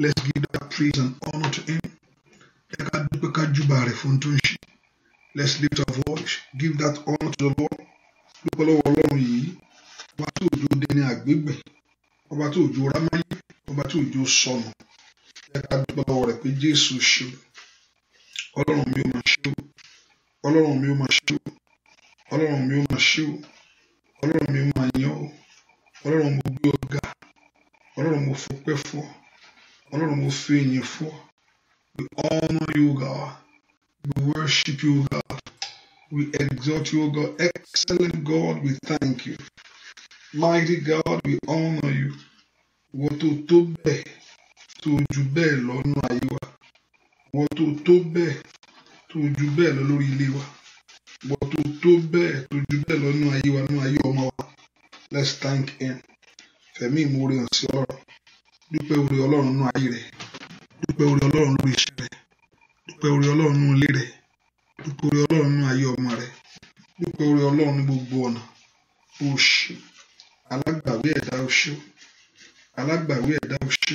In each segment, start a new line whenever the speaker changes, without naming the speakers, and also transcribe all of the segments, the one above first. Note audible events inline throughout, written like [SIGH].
let's give that praise and honor to him let's lift our voice give that honor to the lord dúpẹ́ lọ́wọ́ ọlọ́run yìí ọba tí òjò dẹni àgbégbẹ̀ ọba tí òjò rámáyé ọba tí òjò sọnù ẹ ká dúpẹ́ lọ́wọ́ rẹ̀ pé jésù ṣe ọlọ́run mi ò máa ṣe o ọlọ́run mi ò máa ṣe o ọlọ́run mi ò máa ṣe o ọlọ́run mi ò máa yan o ọlọ́run mo gbé ọ ọlọ́run mo fọpẹ́ fún ọ. Honorable Mufenyefu. We honor you, God. We worship you, God. We exalt you, God. Excellent God, we thank you. Mighty God, we honor you. Wọ́n tó tó bẹ́ẹ̀ tó ju bẹ́ẹ̀ lọ́nà ayé wa. Wọ́n tó tó bẹ́ẹ̀ tó ju bẹ́ẹ̀ lọ lórí ilé wa. Wọ́n tó tó Let's thank him. Femi ìmoore hàn sí dúpẹ́ orí ọlọ́run nínú ayé rẹ dúpẹ́ orí ọlọ́run lórí iṣẹ́ rẹ dúpẹ́ orí ọlọ́run nínú ilé rẹ dúpẹ́ orí ọlọ́run nínú ayé ọmọ rẹ dúpẹ́ orí ọlọ́run ní gbogbo ọ̀nà ó ṣé alágbàwí ẹ̀dá ó ṣé alágbàwí ẹ̀dá ó ṣé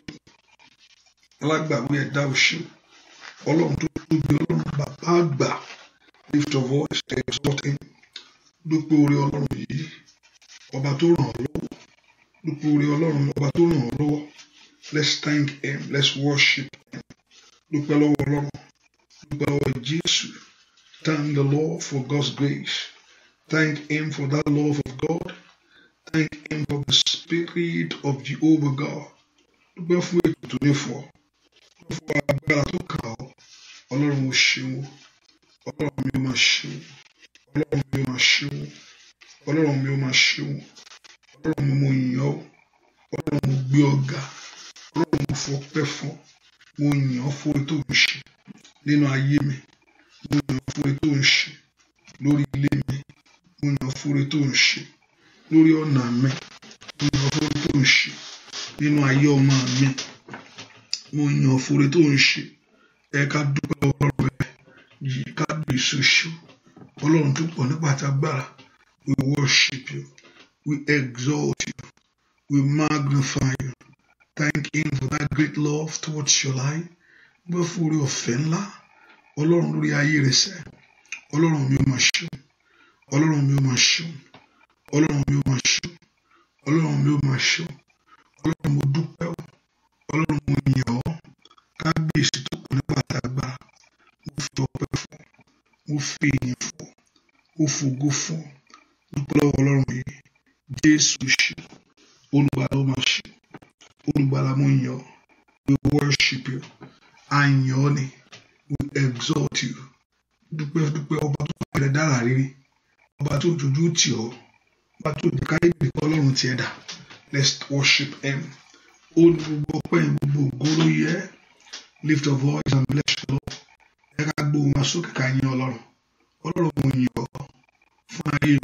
alágbàwí ẹ̀dá ó ṣé ọlọ́run tó tóbi ọlọ́run bàbá àgbà lift of voice exulting dúpẹ́ orí ọlọ́run yìí ọba tó ràn ọ́ lọ́wọ́ dúpẹ́ orí ọlọ́run ọba tó ràn ọ́ lọ́wọ́ Let's thank Him. Let's worship Him. Dúpẹ́ lọ́wọ́ Ọlọ́run. Dúpẹ́ lọ́wọ́ Jésù. Thank the Lord for God's grace. Thank Him for that love of God. Thank Him for the Spirit of the Over God. Dúpẹ́ fún ètò tó ní fọ́. Dúpẹ́ fún agbára tó kà ọ́. Ọlọ́run ò ṣeun. Ọlọ́run mi ò máa ṣeun. Ọlọ́run mi ò máa ṣeun. Ọlọ́run mi ò máa ṣeun. Ọlọ́run mi mo yàn ọ́. Ọlọ́run mo gbé ọ ọlọ́run fọ ọpẹ́ fún mo yìn ọ́ fún ètò ń nínú ayé mi mo yìn ọ́ fún ètò ń lórí ilé mi mo yìn ọ́ fún ètò ń lórí ọ̀nà mi mo yìn ọ́ fún ètò ń nínú ayé ọmọ mi mo yìn ọ́ fún ètò ń ẹ ká dúpẹ́ ọlọ́run rẹ yìí ká dùn ìṣoṣo ọlọ́run tó pọ̀ nípa tágbára we worship you we exalt you we magnify Thank him for that great love towards your life. Mo fẹ́ fún orí ọ̀fẹ́ ńlá. Ọlọ́run lórí ayé rẹ̀ sẹ́. Ọlọ́run mi ò máa ṣú. Ọlọ́run mi ò máa ṣú. Ọlọ́run mi ò máa ṣú. Ọlọ́run mi ò máa ṣú. Ọlọ́run mo dúpẹ́ o. Ọlọ́run mo yìn ọ́. Kábíyèsí tó kù nígbà tá a gbà. Mo fi ọpẹ́ fún. Mo fi ìyìn fún. Mo fògo fún. Dúpẹ́ lọ́wọ́ Ọlọ́run yìí. Jésù ṣe. Olúwa ló máa ṣe. Olùgbàlà We worship you. A We exalt you. Dúpẹ́ dúpẹ́ ọba tó bẹ̀rẹ̀ dára rírí. Ọba tó jojú tì ọ́. Ọba tó dìkáyé bìkọ́ ọlọ́run Let's worship him. Ó ní gbogbo ọpẹ́ Lift your voice and bless the Lord. Ẹ ká gbóhùn wa sókè ká yín ọlọ́run. Ọlọ́run mo yàn ọ́ fún ayé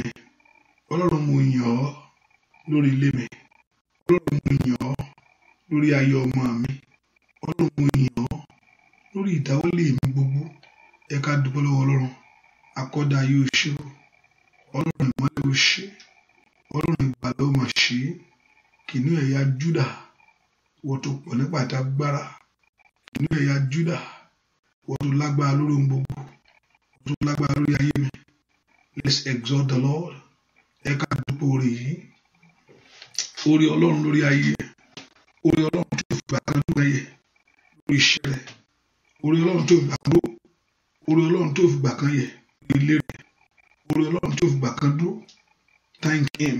lórí ayọ̀ ọmọ mi ọlọ́run yìn ọ́ lórí ìdáwọ́lé mi gbogbo ẹ ká dúpẹ́ lọ́wọ́ ọlọ́run akọ́dá ayé o ṣé o ọlọ́run ìmọ́lẹ̀ o ṣé ọlọ́run ìgbàlọ́ mà ṣe é kìnìún ẹ̀yà júdà wọ́n tó pọ̀ nípa ìtagbára kìnìún ẹ̀yà júdà wọ́n tó lágbára lórí ohun gbogbo wọ́n tó lágbára lórí ayé mi let's exalt the Lord ẹ ká dúpẹ́ orí yìí orí ọlọ́run lórí ayé ẹ orí ọlọ́run tó fi àgbàdo rẹ yẹ lórí iṣẹ́ rẹ orí ọlọ́run tó fi gbàgbó orí ọlọ́run tó fi gbà yẹ lórí ilé rẹ orí ọlọ́run tó fi gbà dúró thank him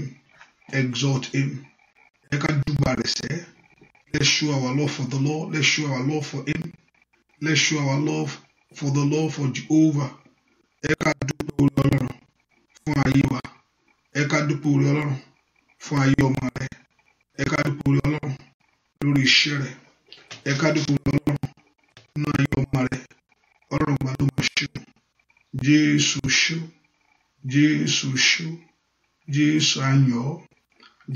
exalt him ẹ ká dùgbà rẹ sẹ́ let's show our love for the Lord let's show our love for him let's show our love for the Lord for Jehovah ẹ ká dúpẹ́ orí ọlọ́run fún ayé wa ẹ ká dúpẹ́ orí ọlọ́run fún ayé ọmọ rẹ ẹ ká dúpẹ́ orí iṣẹ́ rẹ̀ ẹ ká dúpọ̀ lọ́rùn nínú ayé ọmọ rẹ̀ ọlọ́run gbà ló máa ṣe jésù ṣó jésù ṣó jésù ayọ̀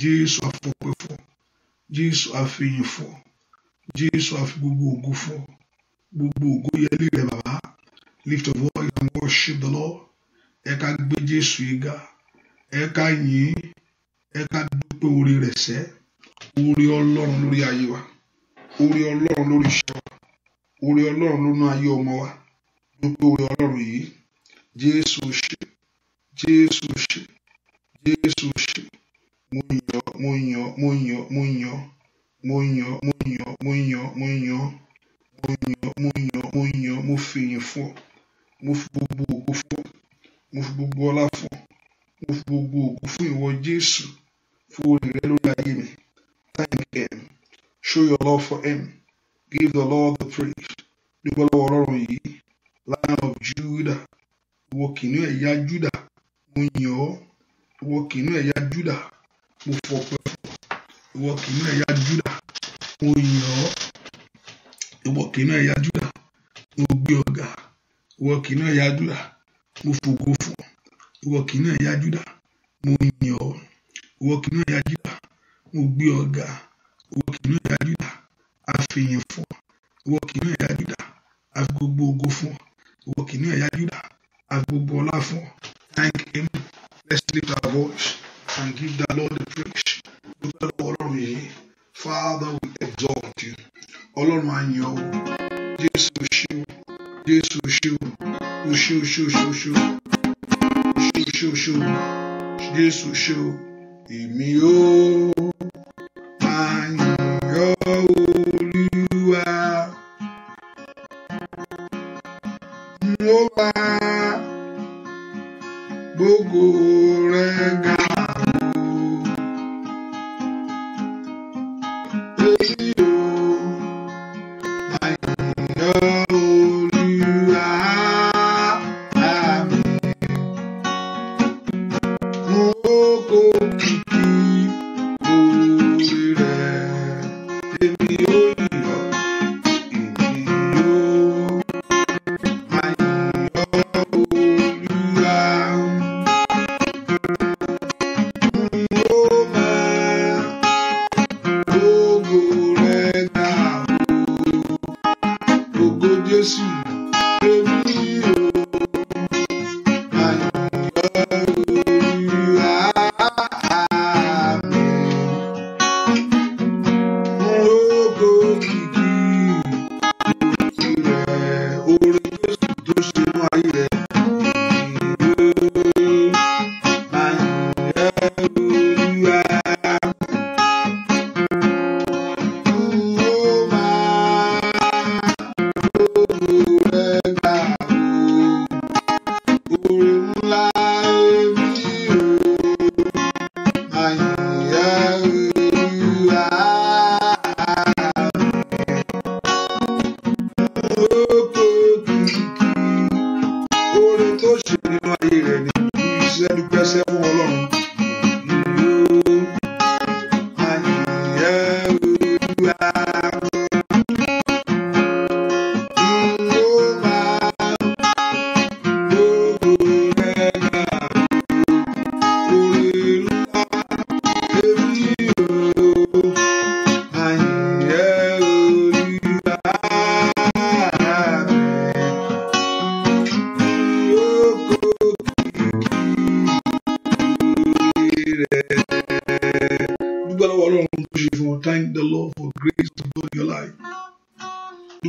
jésù afọpẹ́fọ́ jésù àfihìnfọ́ jésù àfi gbogbo ògo fọ́ gbogbo ògo yẹlé rẹ̀ bàbá lift of all and worship the lord ẹ ká gbé jésù yìí ga ẹ ká yìn ẹ ká dúpẹ́ orí rẹ̀ sẹ́ẹ́ orí ọlọ́run lórí ayé wa orí ọlọ́run lórí iṣẹ́ wa orí ọlọ́run lórí ayé ọmọ wa dúpẹ́ orí ọlọ́run yìí jésù ṣe jésù ṣe jésù ṣe mo yàn mo yàn mo yàn mo yàn mo yàn mo yàn mo yàn mo yàn mo yàn mo yàn mo yàn mo fi yìn fún ọ mo fi gbogbo ògo fún ọ mo fi gbogbo ọlá fún ọ mo fi gbogbo ògo fún ìwọ jésù fún orí rẹ lórí ayé mi. Thank Him. Show your love for Him. Give the Lord the praise. Dúpẹ́ lọ́wọ́ ọlọ́run of Judah. Ìwọ kìnìún ẹ̀yà Judah. Mo yìn ọ́. Ìwọ Judah. Mo fọpẹ́ fún. Ìwọ Judah. Mo yìn ọ́. Ìwọ Judah. Mo gbé ọ ga. Judah. Mo fògo fún. Ìwọ Judah. Mo yìn ọ́. Ìwọ Judah mo gbé ọ̀gá ìwọ kìnú ìyá Júdà àfihàn fún ọ ìwọ kìnú ìyá Júdà àfi gbogbo ògo fún ọ ìwọ kìnú ìyá Júdà àfi gbogbo ọlá fún ọ thank him let's lift our voice and give the Lord the praise dúpẹ́ lọ́wọ́ ọlọ́run yìí father we exalt you ọlọ́run àyàn o jésù ṣe o jésù ṣe o o ṣe o ṣe o ṣe o ṣe o ṣe o ṣe o ṣe o jésù ṣe o èmi yóò. comigo.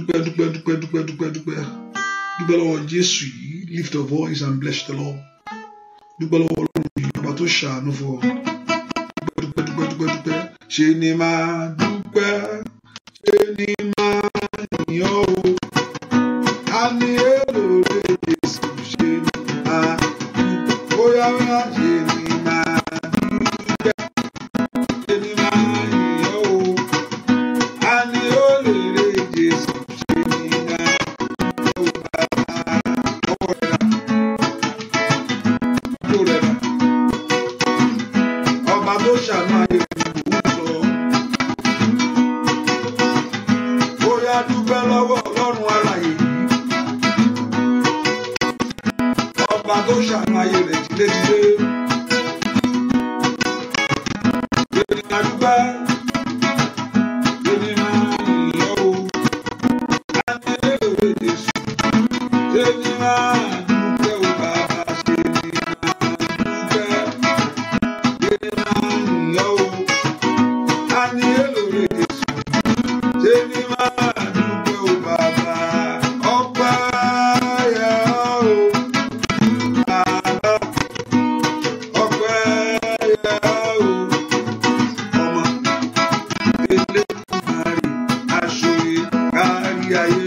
dúpẹ́ dúpẹ́ dúpẹ́ dúpẹ́ dúpẹ́ dúpẹ́ dúpẹ́ lọ́wọ́ Jésù yìí lift your voice and bless the Lord dúpẹ́ lọ́wọ́ Ọlọ́run yìí ọba tó ṣàánú fún ọ dúpẹ́ dúpẹ́ dúpẹ́ dúpẹ́ dúpẹ́ ṣe ni máa dúpẹ́ ṣe ni E aí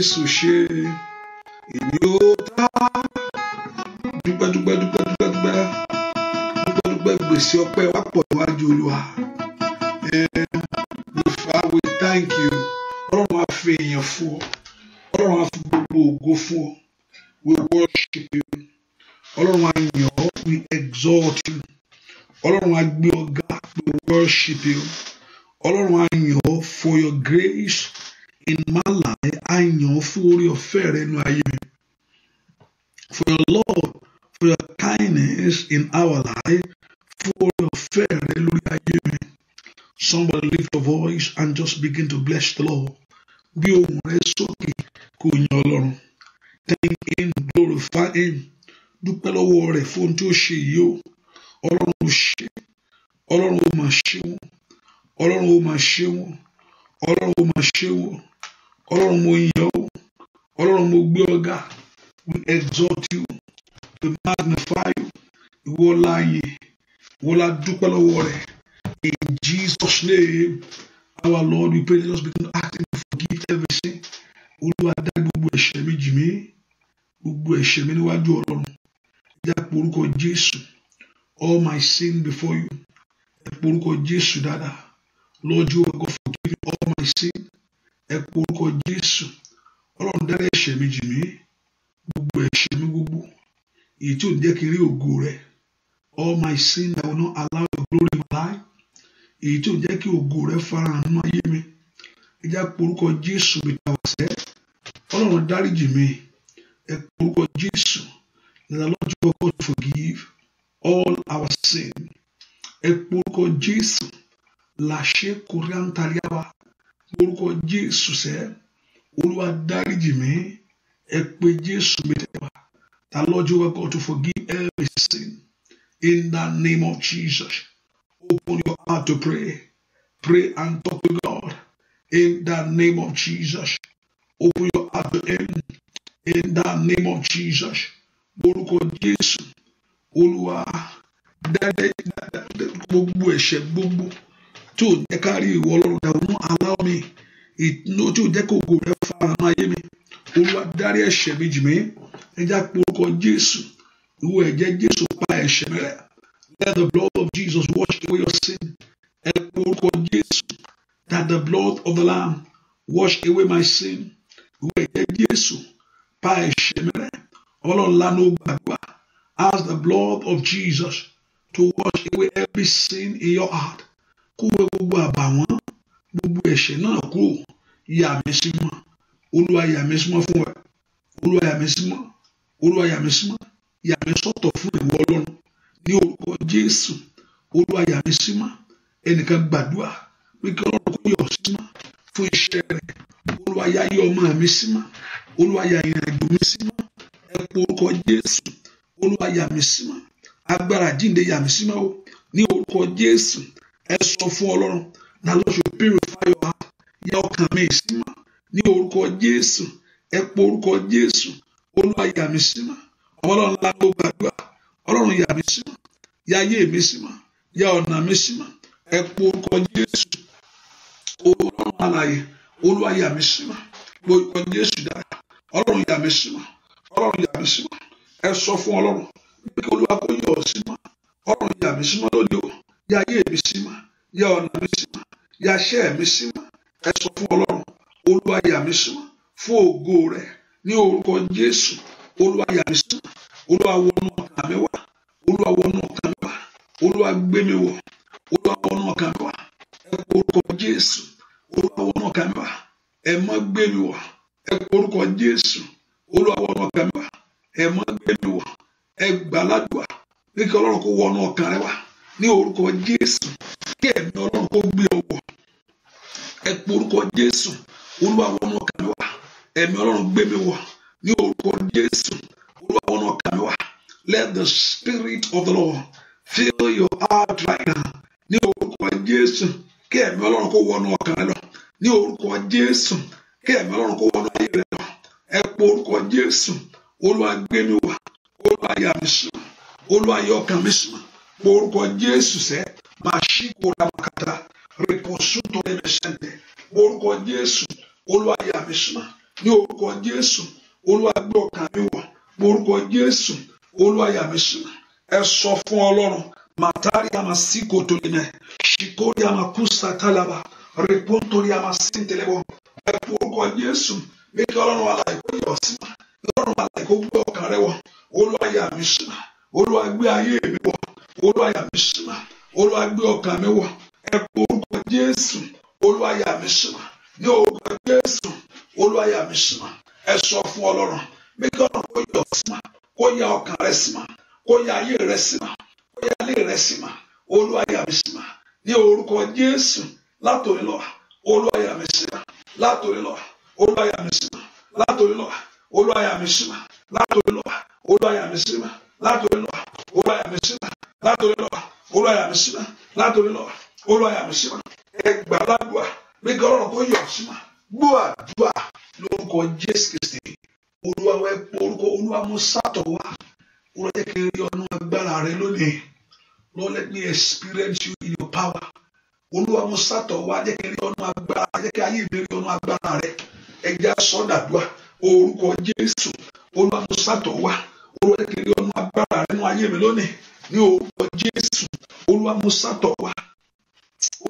Jésù ṣe èmi ó ta dúpẹ́ dúpẹ́ dúpẹ́ gbèsè ọpẹ́ wa pọ̀ níwájú Olúwa Ifá we thank you Ọlọ́run á fi èèyàn fún ọ Ọlọ́run á fi gbogbo ògo fún ọ we worship you Ọlọ́run á yàn ọ́ we exalt you Ọlọ́run á gbé ọ ga we worship you Ọlọ́run á yàn ọ́ for your grace in my life. I yearn fún orí ọ̀fẹ́ rẹ nínú mi. For your love, for your kindness in our life, fún orí ọ̀fẹ́ rẹ lórí ayé mi. Somebody lift your voice and just begin to bless the Lord. Bi ohùn rẹ sókè kò yin Ọlọ́run. Thank him, glorify him. Dúpẹ́ lọ́wọ́ rẹ̀ fún ohun tí ó ṣe yìí o. Ọlọ́run ò ṣe. Ọlọ́run ò mà ṣe wọ́n. Ọlọ́run ò mà ṣe wọ́n. Ọlọ́run ò mà ṣe wọ́n ọlọ́run mo yìn ọ́ ọlọ́run mo gbé ọ we exalt you we magnify you ìwọ la yìn ìwọ la dúpẹ́ lọ́wọ́ rẹ̀ in Jesus name our Lord we pray let us begin to ask him to forgive everything olúwa dá gbogbo ẹ̀ṣẹ̀ mi jì mí gbogbo ẹ̀ṣẹ̀ mi níwájú ọlọ́run ẹ̀dá porúkọ Jésù all my sin before you ẹ̀ porúkọ Jésù dáadáa Lord you are God forgive all my sin ẹ pe orúkọ Jésù ọlọ́run dárí ẹ̀ṣẹ̀ mi jì mí gbogbo ẹ̀ṣẹ̀ mi gbogbo èyí tí ò jẹ́ kí n rí ògo rẹ all my sin I will not allow your glory to lie èyí tí ò jẹ́ kí ògo rẹ farahàn nínú ayé mi ẹ já pe orúkọ Jésù mi ta wá sẹ́ ọlọ́run dárí mí ẹ orúkọ Jésù the Lord your God forgive all our sin ẹ pe orúkọ Jésù làṣẹ kórè àǹtàríyàwá orúkọ jésù sẹ olúwa dáríjì mí ẹ pé jésù mi tẹwà ta lọ́jọ́ wa God to forgive every sin in the name of Jesus open your heart to pray pray and talk to God in the name of Jesus open your heart to him in the name of Jesus orúkọ jésù olúwa dáadáa gbogbo ẹ̀ṣẹ̀ gbogbo tí ò jẹ́ ká rí ìwọ ọlọ́run dàrú aláwọ̀ mi tí ò jẹ́ kó ògo rẹ fara mọ́ ayé mi olúwa dárí ẹ̀ṣẹ̀ mi jì mí ẹja porúkọ jésù ìwọ ẹ̀jẹ̀ jésù pa ẹ̀ṣẹ̀ mi rẹ́ let the blood of jesus wash away your sin ẹ porúkọ jésù that the blood of the lamb wash away my sin ìwọ ẹ̀jẹ̀ jésù pa ẹ̀ṣẹ̀ mi rẹ́ ọlọ́run lánàá gbàgbà ask the blood of jesus to wash away every sin in your heart kó wẹ gbogbo àbàwọ́n gbogbo ẹ̀ṣẹ̀ náà kúrò yà mí sí mọ́ olúwa yà mí sí mọ́ fún ẹ olúwa yà mí sí mọ́ olúwa yà mí sí mọ́ yà mí sọ́tọ̀ fún ìwọ ọlọ́run ní orúkọ jésù olúwa yà mí sí ẹnìkan gbàdúrà pé kí ọlọ́run kó yọ̀ sí fún iṣẹ́ rẹ̀ olúwa yà yọ ọmọ mi sí olúwa yà ìrìn àjò mi sí mọ́ orúkọ jésù olúwa yà mí sí agbára jíǹde yà mí sí ní orúkọ jésù sọ fún ọlọ́run na lord should purify your heart yẹ ọkàn mi sí mọ́ ní orúkọ jésù ẹ pọ orúkọ jésù olúwa yà mí sí mọ́ ọlọ́run ńlá ló gbàdúrà ọlọ́run yà mí sí mọ́ yà ayé mi sí mọ́ yà ọ̀nà mi sí mọ́ ẹ pọ orúkọ jésù ọlọ́run alààyè olúwa yà mí sí mọ́ orúkọ jésù dára ọlọ́run yà mí sí mọ́ ọlọ́run yà mí sí mọ́ ẹ sọ fún ọlọ́run pé kí olúwa kó yọ ọ sí ọlọ́run yà mí sí lóde o yà ayé mi sí yà ọ̀nà mi sí mọ́ yà ṣẹ́ mi sí mọ́ ẹ sọ fún ọlọ́run olúwa yà mí sí mọ́ fún ògo rẹ̀ ní orúkọ jésù olúwa yà mí sí mọ́ olúwa wọnú ọkàn mi wá olúwa wọnú ọkàn mi wá olúwa gbé mi wọ̀ olúwa wọnú ọkàn mi wá ẹ kọ orúkọ jésù olúwa wọnú ọkàn mi wá ẹ má gbé mi wọ̀ ẹ kọ orúkọ jésù olúwa wọnú ọkàn mi wá ẹ má gbé mi wọ̀ ẹ gbàládùá pé kí ọlọ́run kó wọnú ọkàn rẹ wá ní orúkọ Jésù kí ẹ̀mí Ọlọ́run kó gbé ọwọ́ ẹ pé orúkọ Jésù Olúwa wọnú ọkàn mi wá ẹ̀mí Ọlọ́run gbé mi wọ̀ ní orúkọ Jésù Olúwa wọnú ọkàn mi wá let the spirit of the Lord fill your heart right now ní orúkọ Jésù kí ẹ̀mí Ọlọ́run kó wọnú ọkàn rẹ lọ ní orúkọ Jésù kí ẹ̀mí Ọlọ́run kó wọnú ayé rẹ lọ ẹ pé orúkọ Jésù Olúwa gbé mi wọ̀ Olúwa yà mí sùn Olúwa yọ ọkàn mi sùn orúkọ jésù sẹ́ màṣíkò ramakata rìpọ̀sù tó lè mẹsẹ̀ntẹ̀ orúkọ jésù olúwa yà mí sùnà ní orúkọ jésù olúwa gbé ọkàn mi wọ̀ orúkọ jésù olúwa yà mí sùnà ẹ sọ fún ọlọ́run màtàrí àmà síkò tó lè mẹ ṣìkórí àmà kùsà kálàbà rìpọ̀ntorí àmà síntẹ̀lẹ́bọ̀ ẹ kú orúkọ jésù bí kí ọlọ́run aláìkó yọ̀ sí ma ọlọ́run aláìkó gbé ọkàn rẹ wọ̀ olúwa yà mí sùnà. olúwa gbé ayé mi wọ̀ olúwa yà mí ṣìnà olúwa gbé ọkàn mi wọ̀ ẹ orúkọ jésù olúwa yà mí ma ní orúkọ jésù olúwa yà mí fún kó yà ọkàn rẹ sìnà kó yà ayé rẹ si kó yà ilé rẹ sìnà olúwa yà mí ní orúkọ jésù látòrí lọ olúwa yà mí látòrí lọ olúwa yà mí látòrí lọ olúwa yà mí látòrí lọ olúwa yà mí látòrí lọ olúwa yà mí látòrí lọ olúwa yà mí látòrí lọ olúwa yà mí ẹgbà ládùá bí gọ́rọ̀ kó yọ̀ sílá gbọ́ àdúrà lórúkọ jésù kristi olúwa wẹ́ orúkọ olúwa mú sátọ̀ wá olúwa agbára rẹ lónìí Lord let me experience you in your power olúwa mú sátọ̀ wá jẹ́ agbára jẹ́ kí ayé mi rí agbára rẹ ẹja sọ́dàdúà orúkọ jésù olúwa mú olúwa jẹ́ kí n rí ọ̀nà agbára rẹ nínú ayé mi lónìí ní orúkọ jésù olúwa mú sátọ̀ wá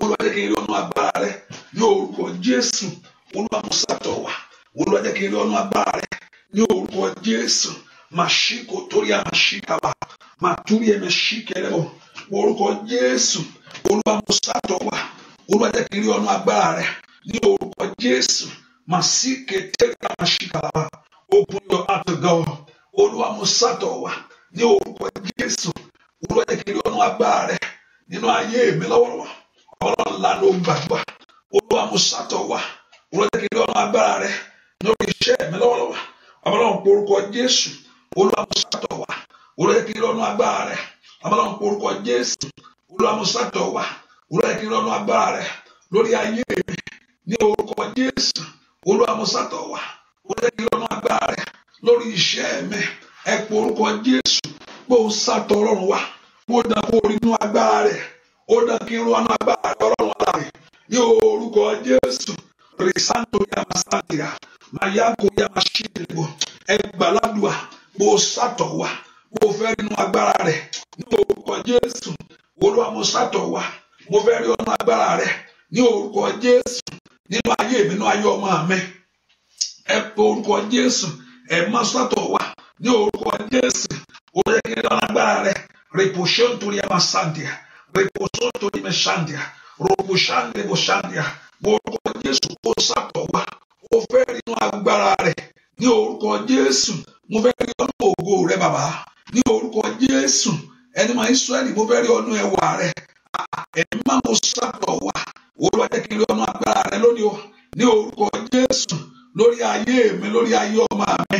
olúwa jẹ́ kí n rí ọ̀nà agbára rẹ ní orúkọ jésù olúwa mú sátọ̀ wá olúwa jẹ́ kí n rí ọ̀nà agbára rẹ ní orúkọ jésù màṣíkò torí àmàṣíkàwà màtúrí ẹ̀mẹ̀ṣíkẹrẹ o orúkọ jésù olúwa mú sátọ̀ wá olúwa jẹ́ agbára rẹ ní orúkọ jésù màsíkè tẹ́lẹ̀ àmàṣíkàwà open your heart to God olúwa mo sàtọ̀ wá ní orúkọ jésù olúwa jẹ́ kí n rí ọ̀nà agbára rẹ nínú ayé mi lọ́wọ́lọ́wọ́ ọlọ́run ńlá ló gbàgbà olúwa mo sàtọ̀ wá olúwa jẹ́ kí n rí ọ̀nà agbára rẹ lórí iṣẹ́ mi lọ́wọ́lọ́wọ́ ọlọ́run porúkọ jésù olúwa mo sàtọ̀ wá olúwa jẹ́ kí n rí ọ̀nà agbára rẹ ọlọ́run porúkọ jésù olúwa mo sàtọ̀ wá olúwa jẹ́ kí n rí ọ̀nà agbára rẹ lórí ayé mi ní lórí iṣẹ́ mi ẹ pé orúkọ Jésù pé ó ń sàtọ̀ ọlọ́run wa mo dàn kó orí inú agbára rẹ̀ ó dàn kí n ro inú agbára rẹ̀ ọlọ́run wa rẹ̀ ní orúkọ Jésù rìsántò yà máa sàtìrà màá yá kó yà máa ṣí ìdìbò ẹ gbàládùá bó sàtọ̀ wa mo fẹ́ rí inú agbára rẹ̀ ní orúkọ Jésù olúwa mo sàtọ̀ wa mo fẹ́ rí ọ̀nà agbára rẹ̀ ní orúkọ Jésù nínú ayé mi nínú ayé ọmọ mi ẹ pé orúkọ Jésù ẹ̀mọ́ sọ́tọ̀ wá ní orúkọ Jésù ó yẹ kí n dán agbára rẹ rèpòṣó nítorí ẹ̀ máa sàǹdíà rèpòṣó nítorí ẹ̀ máa sàǹdíà rògbòṣàǹdíà rògbòṣàǹdíà orúkọ Jésù kó sàtọ̀ wá ó fẹ́ rí inú agbára rẹ ní orúkọ Jésù mo fẹ́ rí ọdún ògo rẹ bàbá ní orúkọ Jésù ẹni máa Ísírẹ́lì mo fẹ́ rí ọdún ẹwà rẹ ẹ̀mí máa mo sàtọ̀ wá olùwàjẹ́kiri ọdún agbára rẹ lónìí o ní orúkọ Jésù lórí ayé mi lórí ayé ọmọ mi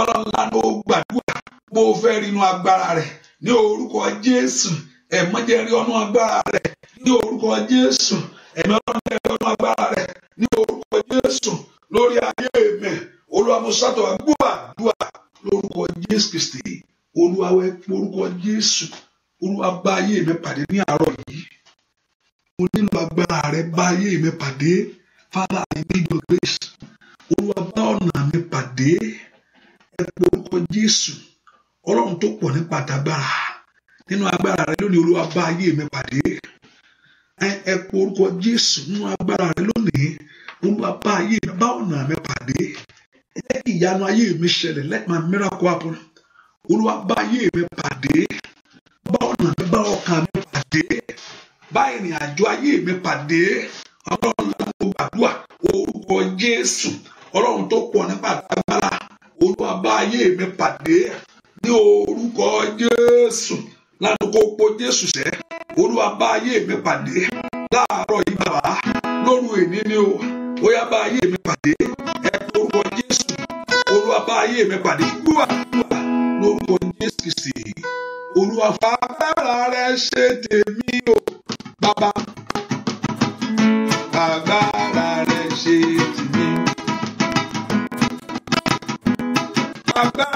ọlọ́lá ló gbàdúrà mo fẹ́ rinú agbára rẹ̀ ní orúkọ Jésù ẹ̀mọ́jẹ́ rí ọ̀nà agbára rẹ̀ ní orúkọ Jésù ẹ̀mí ọ̀nà rí ọ̀nà agbára rẹ̀ ní orúkọ Jésù lórí ayé mi Olúwa mo sátọ̀ gbàdúrà lórúkọ Jésù Kristi Olúwa wẹ́ orúkọ Jésù Olúwa bá ayé mi pàdé ní àárọ̀ yìí mo nílò agbára rẹ̀ bá mi pàdé Father, I need your grace olúwa bá ọ̀nà mi pàdé ẹ pe orúkọ jésù ọlọ́run tó pọ̀ nípa tàgbára nínú agbára rẹ lónìí olúwa bá ayé mi pàdé ẹ pe orúkọ jésù nínú agbára rẹ lónìí olúwa bá ayé bá ọ̀nà mi pàdé ẹ ìyanu ayé mi ṣẹlẹ̀ let my miracle happen olúwa bá ayé mi pàdé bá ọ̀nà mi bá ọkàn mi pàdé bá ìrìn àjò ayé mi pàdé ọlọ́run lọ́wọ́ gbàdúrà orúkọ jésù ọlọ́run tó pọ̀ nípa agbára olúwa bá ayé mi pàdé ní orúkọ jésù ládùúgbò pọ̀ jésù sẹ́ olúwa bá ayé mi pàdé láàárọ̀ yìí lóru èní ni o ó yá bá ayé mi pàdé ẹ orúkọ jésù olúwa bá ayé mi pàdé gbúwà gbúwà lórúkọ jésù kìsì olúwa fàgbára rẹ ṣe tèmi o bàbá I'm not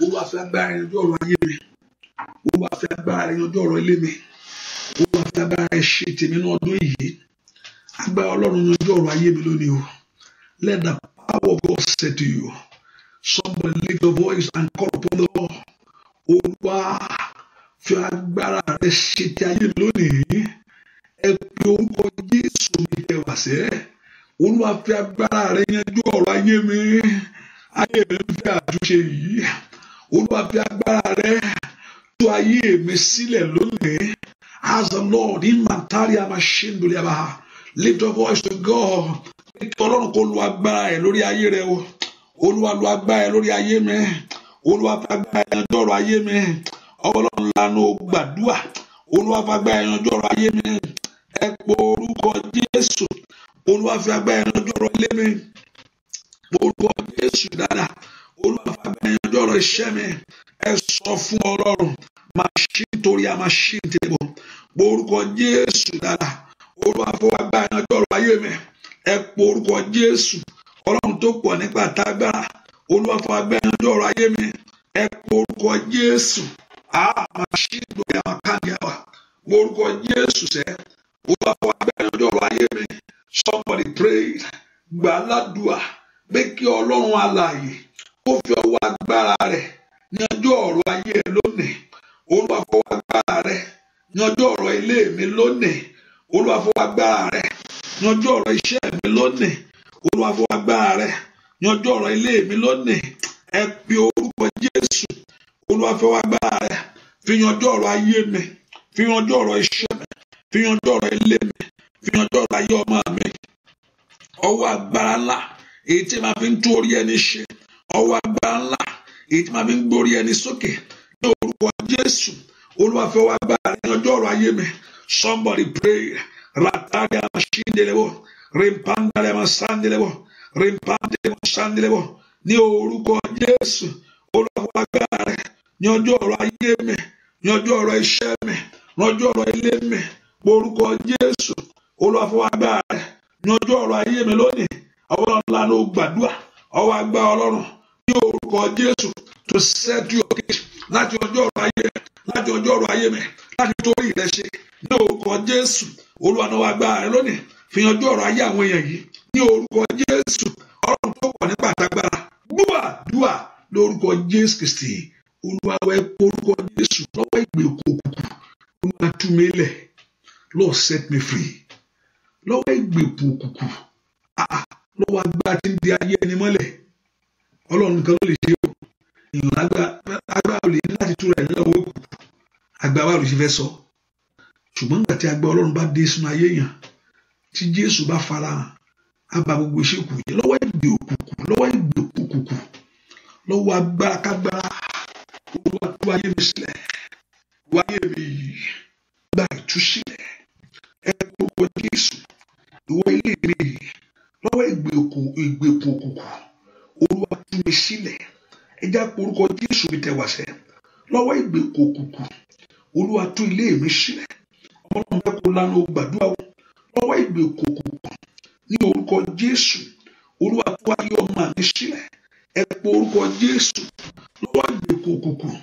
olúwa fi agbára yanjú ọ̀rọ̀ ayé mi olúwa fi agbára yanjú ọ̀rọ̀ ilé mi olúwa fi agbára ṣe tèmi ní ọdún yìí agbára ọlọ́run yanjú ọ̀rọ̀ ayé mi lónìí o let the power of God say to you somebody lift your voice and call upon the Lord olúwa fi agbára rẹ ṣe ti ayé mi lónìí ẹ pe orúkọ Jésù mi tẹwàá sẹ́ olúwa fi agbára rẹ yanjú ọ̀rọ̀ ayé mi ayé mi ń fẹ́ àtúnṣe yìí olúwa fi agbára rẹ tú ayé mi sílẹ̀ lónìí as the lord imantari amashinduliaba lift your voice to god nítorí ọlọ́run kò lu agbára ẹ lórí ayé rẹ o olúwa lu agbára ẹ lórí ayé mi olúwa fi agbára ẹ yanjú ọ̀rọ̀ ayé mi ọlọ́run lanu gbàdúà olúwa fi agbára ẹ yanjú ọ̀rọ̀ ayé mi ẹ pọ orúkọ jésù olúwa fi agbára ẹ yanjú ọ̀rọ̀ ilé mi orúkọ jésù dáadáa olúwa bàbá ìyànjọ ọ̀rọ̀ iṣẹ́ mi ẹ sọ fún ọlọ́run máa ṣí torí a máa ṣí ìtẹ̀bọ̀ orúkọ jésù dára olúwa fọwọ́ bá ìyànjọ ọ̀rọ̀ ayé mi ẹ po orúkọ jésù ọlọ́run tó pọ̀ nípa tágbára olúwa fọwọ́ ayé mi ẹ po orúkọ jésù a máa torí a máa káàdì àwà jésù sẹ́ olúwa ayé mi somebody pray gbàládùá pé kí ọlọ́run alààyè ó fi ọwọ́ agbára rẹ̀ yanjú ọ̀rọ̀ ayé lónìí olúwa fọwọ́ agbára rẹ̀ yanjú ọ̀rọ̀ ilé mi lónìí olúwa fọwọ́ agbára rẹ̀ yanjú ọ̀rọ̀ iṣẹ́ mi lónìí olúwa fọwọ́ agbára rẹ̀ yanjú ọ̀rọ̀ ilé mi lónìí ẹ pe orúkọ jésù olúwa fọwọ́ agbára rẹ̀ fi yanjú ọ̀rọ̀ ayé mi fi yanjú ọ̀rọ̀ iṣẹ́ mi fi yanjú ọ̀rọ̀ ilé mi fi yanjú ọ̀rọ̀ ayé ọmọ mi ọwọ́ agbára ńlá èyí tí ọwọ́ agbára ńlá èyí tí màá fi ń gbórí ẹni sókè ní orúkọ Jésù olúwàfẹ́ wá gbà ní ọjọ́ ọ̀rọ̀ ayé mi somebody pray ratari amasindelewo rimpandale amasandelewo rimpandale amasandelewo ní orúkọ Jésù olúwàfẹ́ wá gbà rẹ ní ọjọ́ ọ̀rọ̀ ayé mi ní ọjọ́ ọ̀rọ̀ iṣẹ́ mi ní ọjọ́ ọ̀rọ̀ ilé mi orúkọ Jésù olúwàfẹ́ wá gbà rẹ ní ọjọ́ ọ̀rọ̀ ayé mi lónìí ọwọ́ ńlá ló gbàdúrà ọwọ́ agbá ọlọ́run ní orúkọ Jésù to set you occasion láti ọjọ́ ọ̀rọ̀ ayé rẹ láti ọjọ́ ọ̀rọ̀ ayé mi láti torí rẹ ṣe ní orúkọ Jésù Olúwa náà wá gbára rẹ lónìí fi yanjú ọ̀rọ̀ ayé àwọn èèyàn yìí ní orúkọ Jésù ọlọ́run tó pọ̀ nípa àtagbára gbúàdúà lórúkọ Jésù Kristi Olúwa wá orúkọ Jésù lọ́wọ́ ìgbè òkùnkùn Olúwa tú mi lẹ̀ Lord set me free lọ́wọ́ ìgbè òkùnkùn ah, lọ́wọ́ agbára tí ń di ayé ẹni mọ́lẹ̀ ọlọ́run nìkan ló lè ṣe o ìyàn agbára olè ní láti túra ẹ̀ lọ́wọ́ òkùnkùn agbára olè ṣe fẹ́ sọ ṣùgbọ́n nígbà tí agbára ọlọ́run bá dé sínú ayé yàn tí jésù bá farahàn á ba gbogbo iṣẹ́ òkùnkùn yẹn lọ́wọ́ ìgbè òkùnkùn lọ́wọ́ ìgbè òkùnkùn lọ́wọ́ agbára kágbára olúwa tú ayé mi sílẹ̀ wáyé mi gba ìtúsílẹ̀ ẹ kó wọ jésù ìwọ ilé mi lọ́wọ́ ìgbè òkùnkùn olúwa tú mi sílẹ̀ ẹja porúkọ jésù mi tẹwàṣẹ lọ́wọ́ ìgbèkùn òkùnkùn olúwa tú ilé mi sílẹ̀ ọmọlọ́run bẹ́ẹ̀ kó lanu gbàdúrà o lọ́wọ́ ìgbèkùn òkùnkùn ní orúkọ jésù olúwa tú ayé ọmọ mi sílẹ̀ ẹ pé orúkọ jésù lọ́wọ́ ìgbèkùn òkùnkùn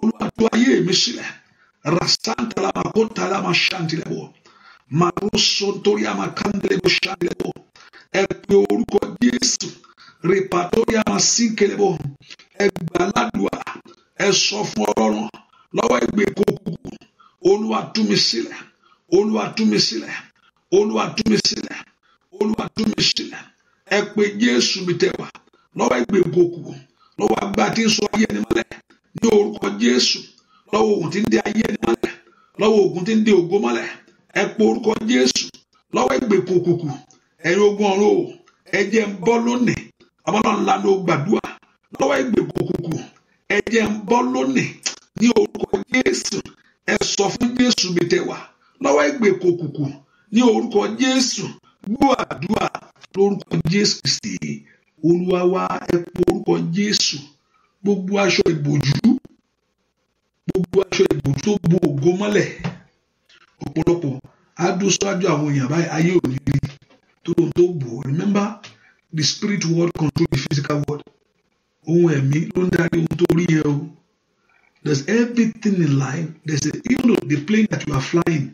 olúwa tú ayé mi sílẹ̀ rasantalama kóntalama ṣàǹtìlẹ́wọ̀ màrúsọ torí àmàkàndínlẹ́wọ̀ ṣàǹtìlẹ́wọ̀ ẹ pé orúkọ jésù rìpàtóríà máa sí kelebo ẹgbàá ládùá ẹ sọ fún Ọlọ́run lọ́wọ́ ìgbè kókùkù Olúwa tú mi sílẹ̀ Olúwa tú mi sílẹ̀ Olúwa tú mi sílẹ̀ Olúwa tú mi sílẹ̀ ẹ pé Jésù mi tẹwà lọ́wọ́ ìgbè kókùkù lọ́wọ́ àgbà tí ń sọ ayé ẹni mọ́lẹ̀ ní orúkọ Jésù lọ́wọ́ ogun tí ń dé ayé ẹni mọ́lẹ̀ lọ́wọ́ ogun tí ń dé ògo mọ́lẹ̀ ẹ pé orúkọ Jésù lọ́wọ́ ìgbè kókùkù ẹ̀yin ogun ọ̀run o ń bọ́ lónìí ọmọlọ́nla ló gbàdúrà lọ́wọ́ ìgbèkùn òkùnkùn ẹ̀jẹ̀ ń bọ́ lónìí ní orúkọ Jésù ẹ sọ fún Jésù bìtẹ̀wà lọ́wọ́ ìgbèkùn òkùnkùn ní orúkọ Jésù gbọ́ àdúrà lórúkọ Jésù Kristi Olúwa wa ẹ pọ orúkọ Jésù gbogbo aṣọ ìbòjú gbogbo aṣọ ìbòjú tó bo ògo mọ́lẹ̀ ọ̀pọ̀lọpọ̀ adúsájú àwọn èèyàn báyìí ayé ò ní rí tó lóun tó bò remember the spirit world control the physical world ohun ẹ̀mí ló ń darí ohun tó rí yẹn o there's everything in life. there's a even though the plane that you are flying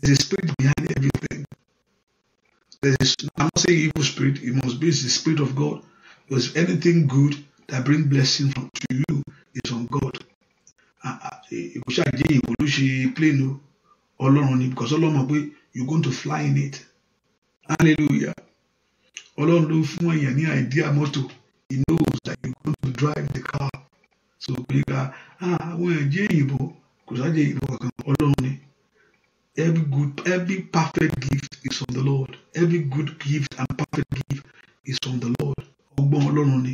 there's a spirit behind everything there's a, I'm not saying evil spirit it must be the spirit of God because anything good that brings blessing from to you is from God e, kò ṣáà jẹ́ ìwọ ló ṣe plane o ọlọ́run ni because ọlọ́run mọ̀ pé you're going to fly in it hallelujah ọlọ́run ló fún èèyàn ní àìdíà mọ́tò he knows that you go to drive the car so gbéra ah, àwọn ẹ̀jẹ̀ ìyìnbó kò sáàjẹ̀ ìyìnbó kankan ọlọ́run ni every good every perfect gift is from the Lord every good gift and perfect gift is from the Lord ọgbọ́n ọlọ́run ni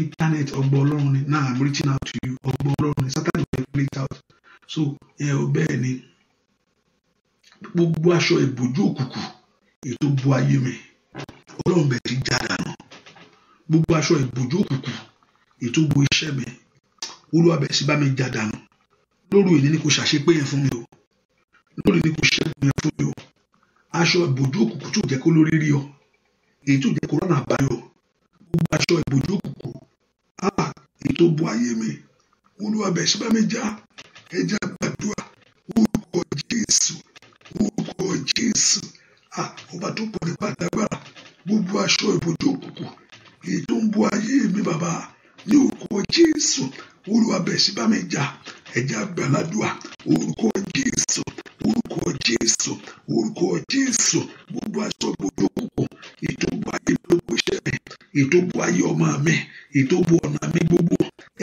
internet ọgbọ́n ọlọ́run ni now I'm reaching out to you ọgbọ́n ọlọ́run ni Satan we play it out so ẹ ò bẹ́ẹ̀ ni gbogbo aṣọ ìbòjú òkùnkùn ètò bu ayé mi ọlọ́run bẹ̀ ti já dànù gbogbo aṣọ ìbòjú òkùnkùn ètò gbogbo iṣẹ́ mi olúwa bẹ̀ sí bá mi já dànù lóru ìní ni kò ṣàṣepé yẹn fún mi o lóru ìní kò ṣẹ́gun yẹn fún mi o aṣọ ìbòjú òkùnkùn tó jẹ́ kó lórí rí ọ èyí tó jẹ́ kó rọ́nà àbáyọ gbogbo aṣọ ìbòjú òkùnkùn áà ètò bu ayé mi olúwa bá mi já ẹja gbàdúrà orúkọ jésù orúkọ jésù ah, ọba tó kọ̀ nípa dágbára gbogbo aṣọ ìbòjú òkùnkùn èyí tó ń bo ayé mi bàbá ní orúkọ jésù olúwa bẹ̀rẹ̀ sí bá mi jà ẹ̀jẹ̀ àgbàládùá orúkọ jésù orúkọ jésù orúkọ jésù gbogbo aṣọ ìbòjú òkùnkùn èyí tó ń bo ayé gbogbo iṣẹ́ mi èyí tó ń bo ayé ọmọ mi èyí bo ọ̀nà mi gbogbo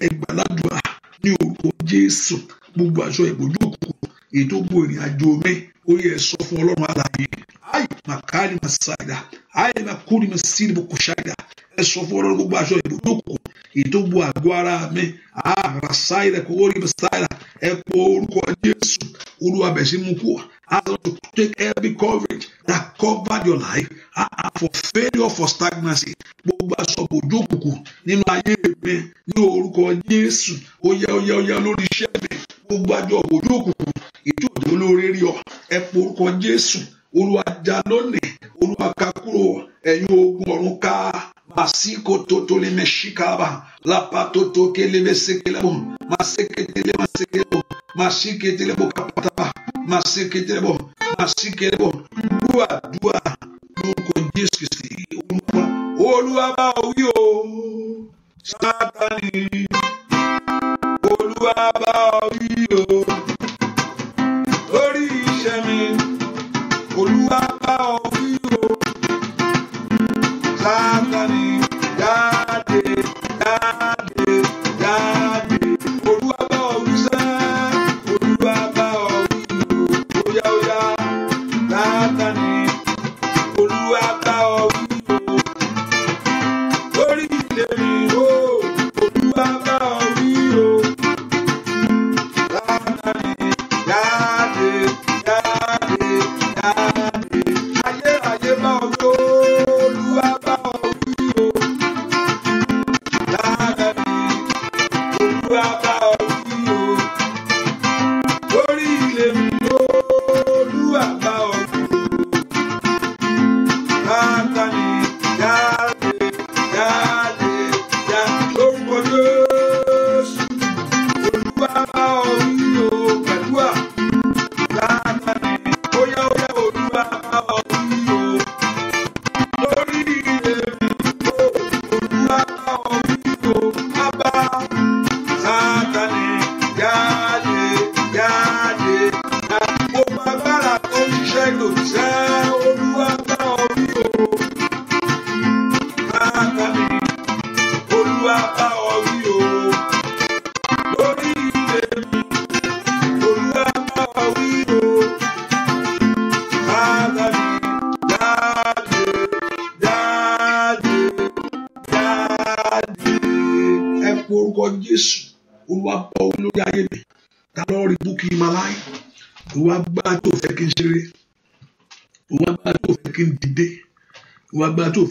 ẹgbàládùá ní orúkọ jésù gbogbo aṣọ ìbòjú òkùnkùn èyí bo ìrìn àjò mi ó yẹ sọ fún ọlọ́run àlà níbi ayi makari masaida ayi makuri masiri bukusaida ẹ sọ fún Ọlọ́run gbogbo aṣọ ìbùdókò ìdógbò àgọ́ ara mi ara sáyidà kò wọlé sáyidà ẹ pọ orúkọ Jésù Olúwa bẹ̀ sí mú kú wa as to take every coverage that covered your life uh, for failure for stagnancy gbogbo aṣọ bòjú òkùnkùn nínú ayé mi ní orúkọ Jésù oyá oyá oyá lórí iṣẹ́ mi gbogbo aṣọ bòjú òkùnkùn ètò òde olóore rí ọ ẹ pọ orúkọ Jésù olúwa já lónìí olúwa ká ogun ọ̀run ká masiko totole meshikaba lapatoto kele mesekelebo maseketele masekelebo masiketelebo kapataba maseketelebo masikelebo dua dua lórúkọ jésù kristi olúwa olúwa bá wí o sátani olúwa bá o. I'll Zakari, Yade, Yade.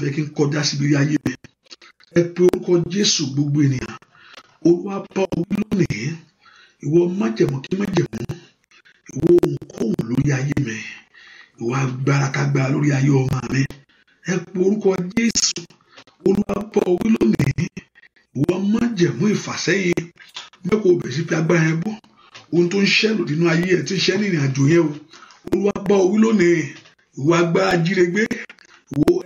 fẹ́ kí n kọjá síbi ayé rẹ ẹ pé orúkọ Jésù gbogbo ènìyàn Olúwa bá ọ wí lónìí ìwọ májẹ̀mú kí májẹ̀mú ìwọ ohunkóhun lórí ayé mi ìwọ agbára kágbára lórí ayé ọmọ mi ẹ pé orúkọ Jésù Olúwa bá ọ wí lónìí ìwọ májẹ̀mú ìfàsẹ́yìn bẹ́ẹ̀ kò sí fi agbára ẹ bọ́ ohun tó ń ṣẹlù nínú ayé ẹ ti ṣẹ́ ní ìrìn yẹn o Olúwa bá lónìí ìwọ agbára jíregbé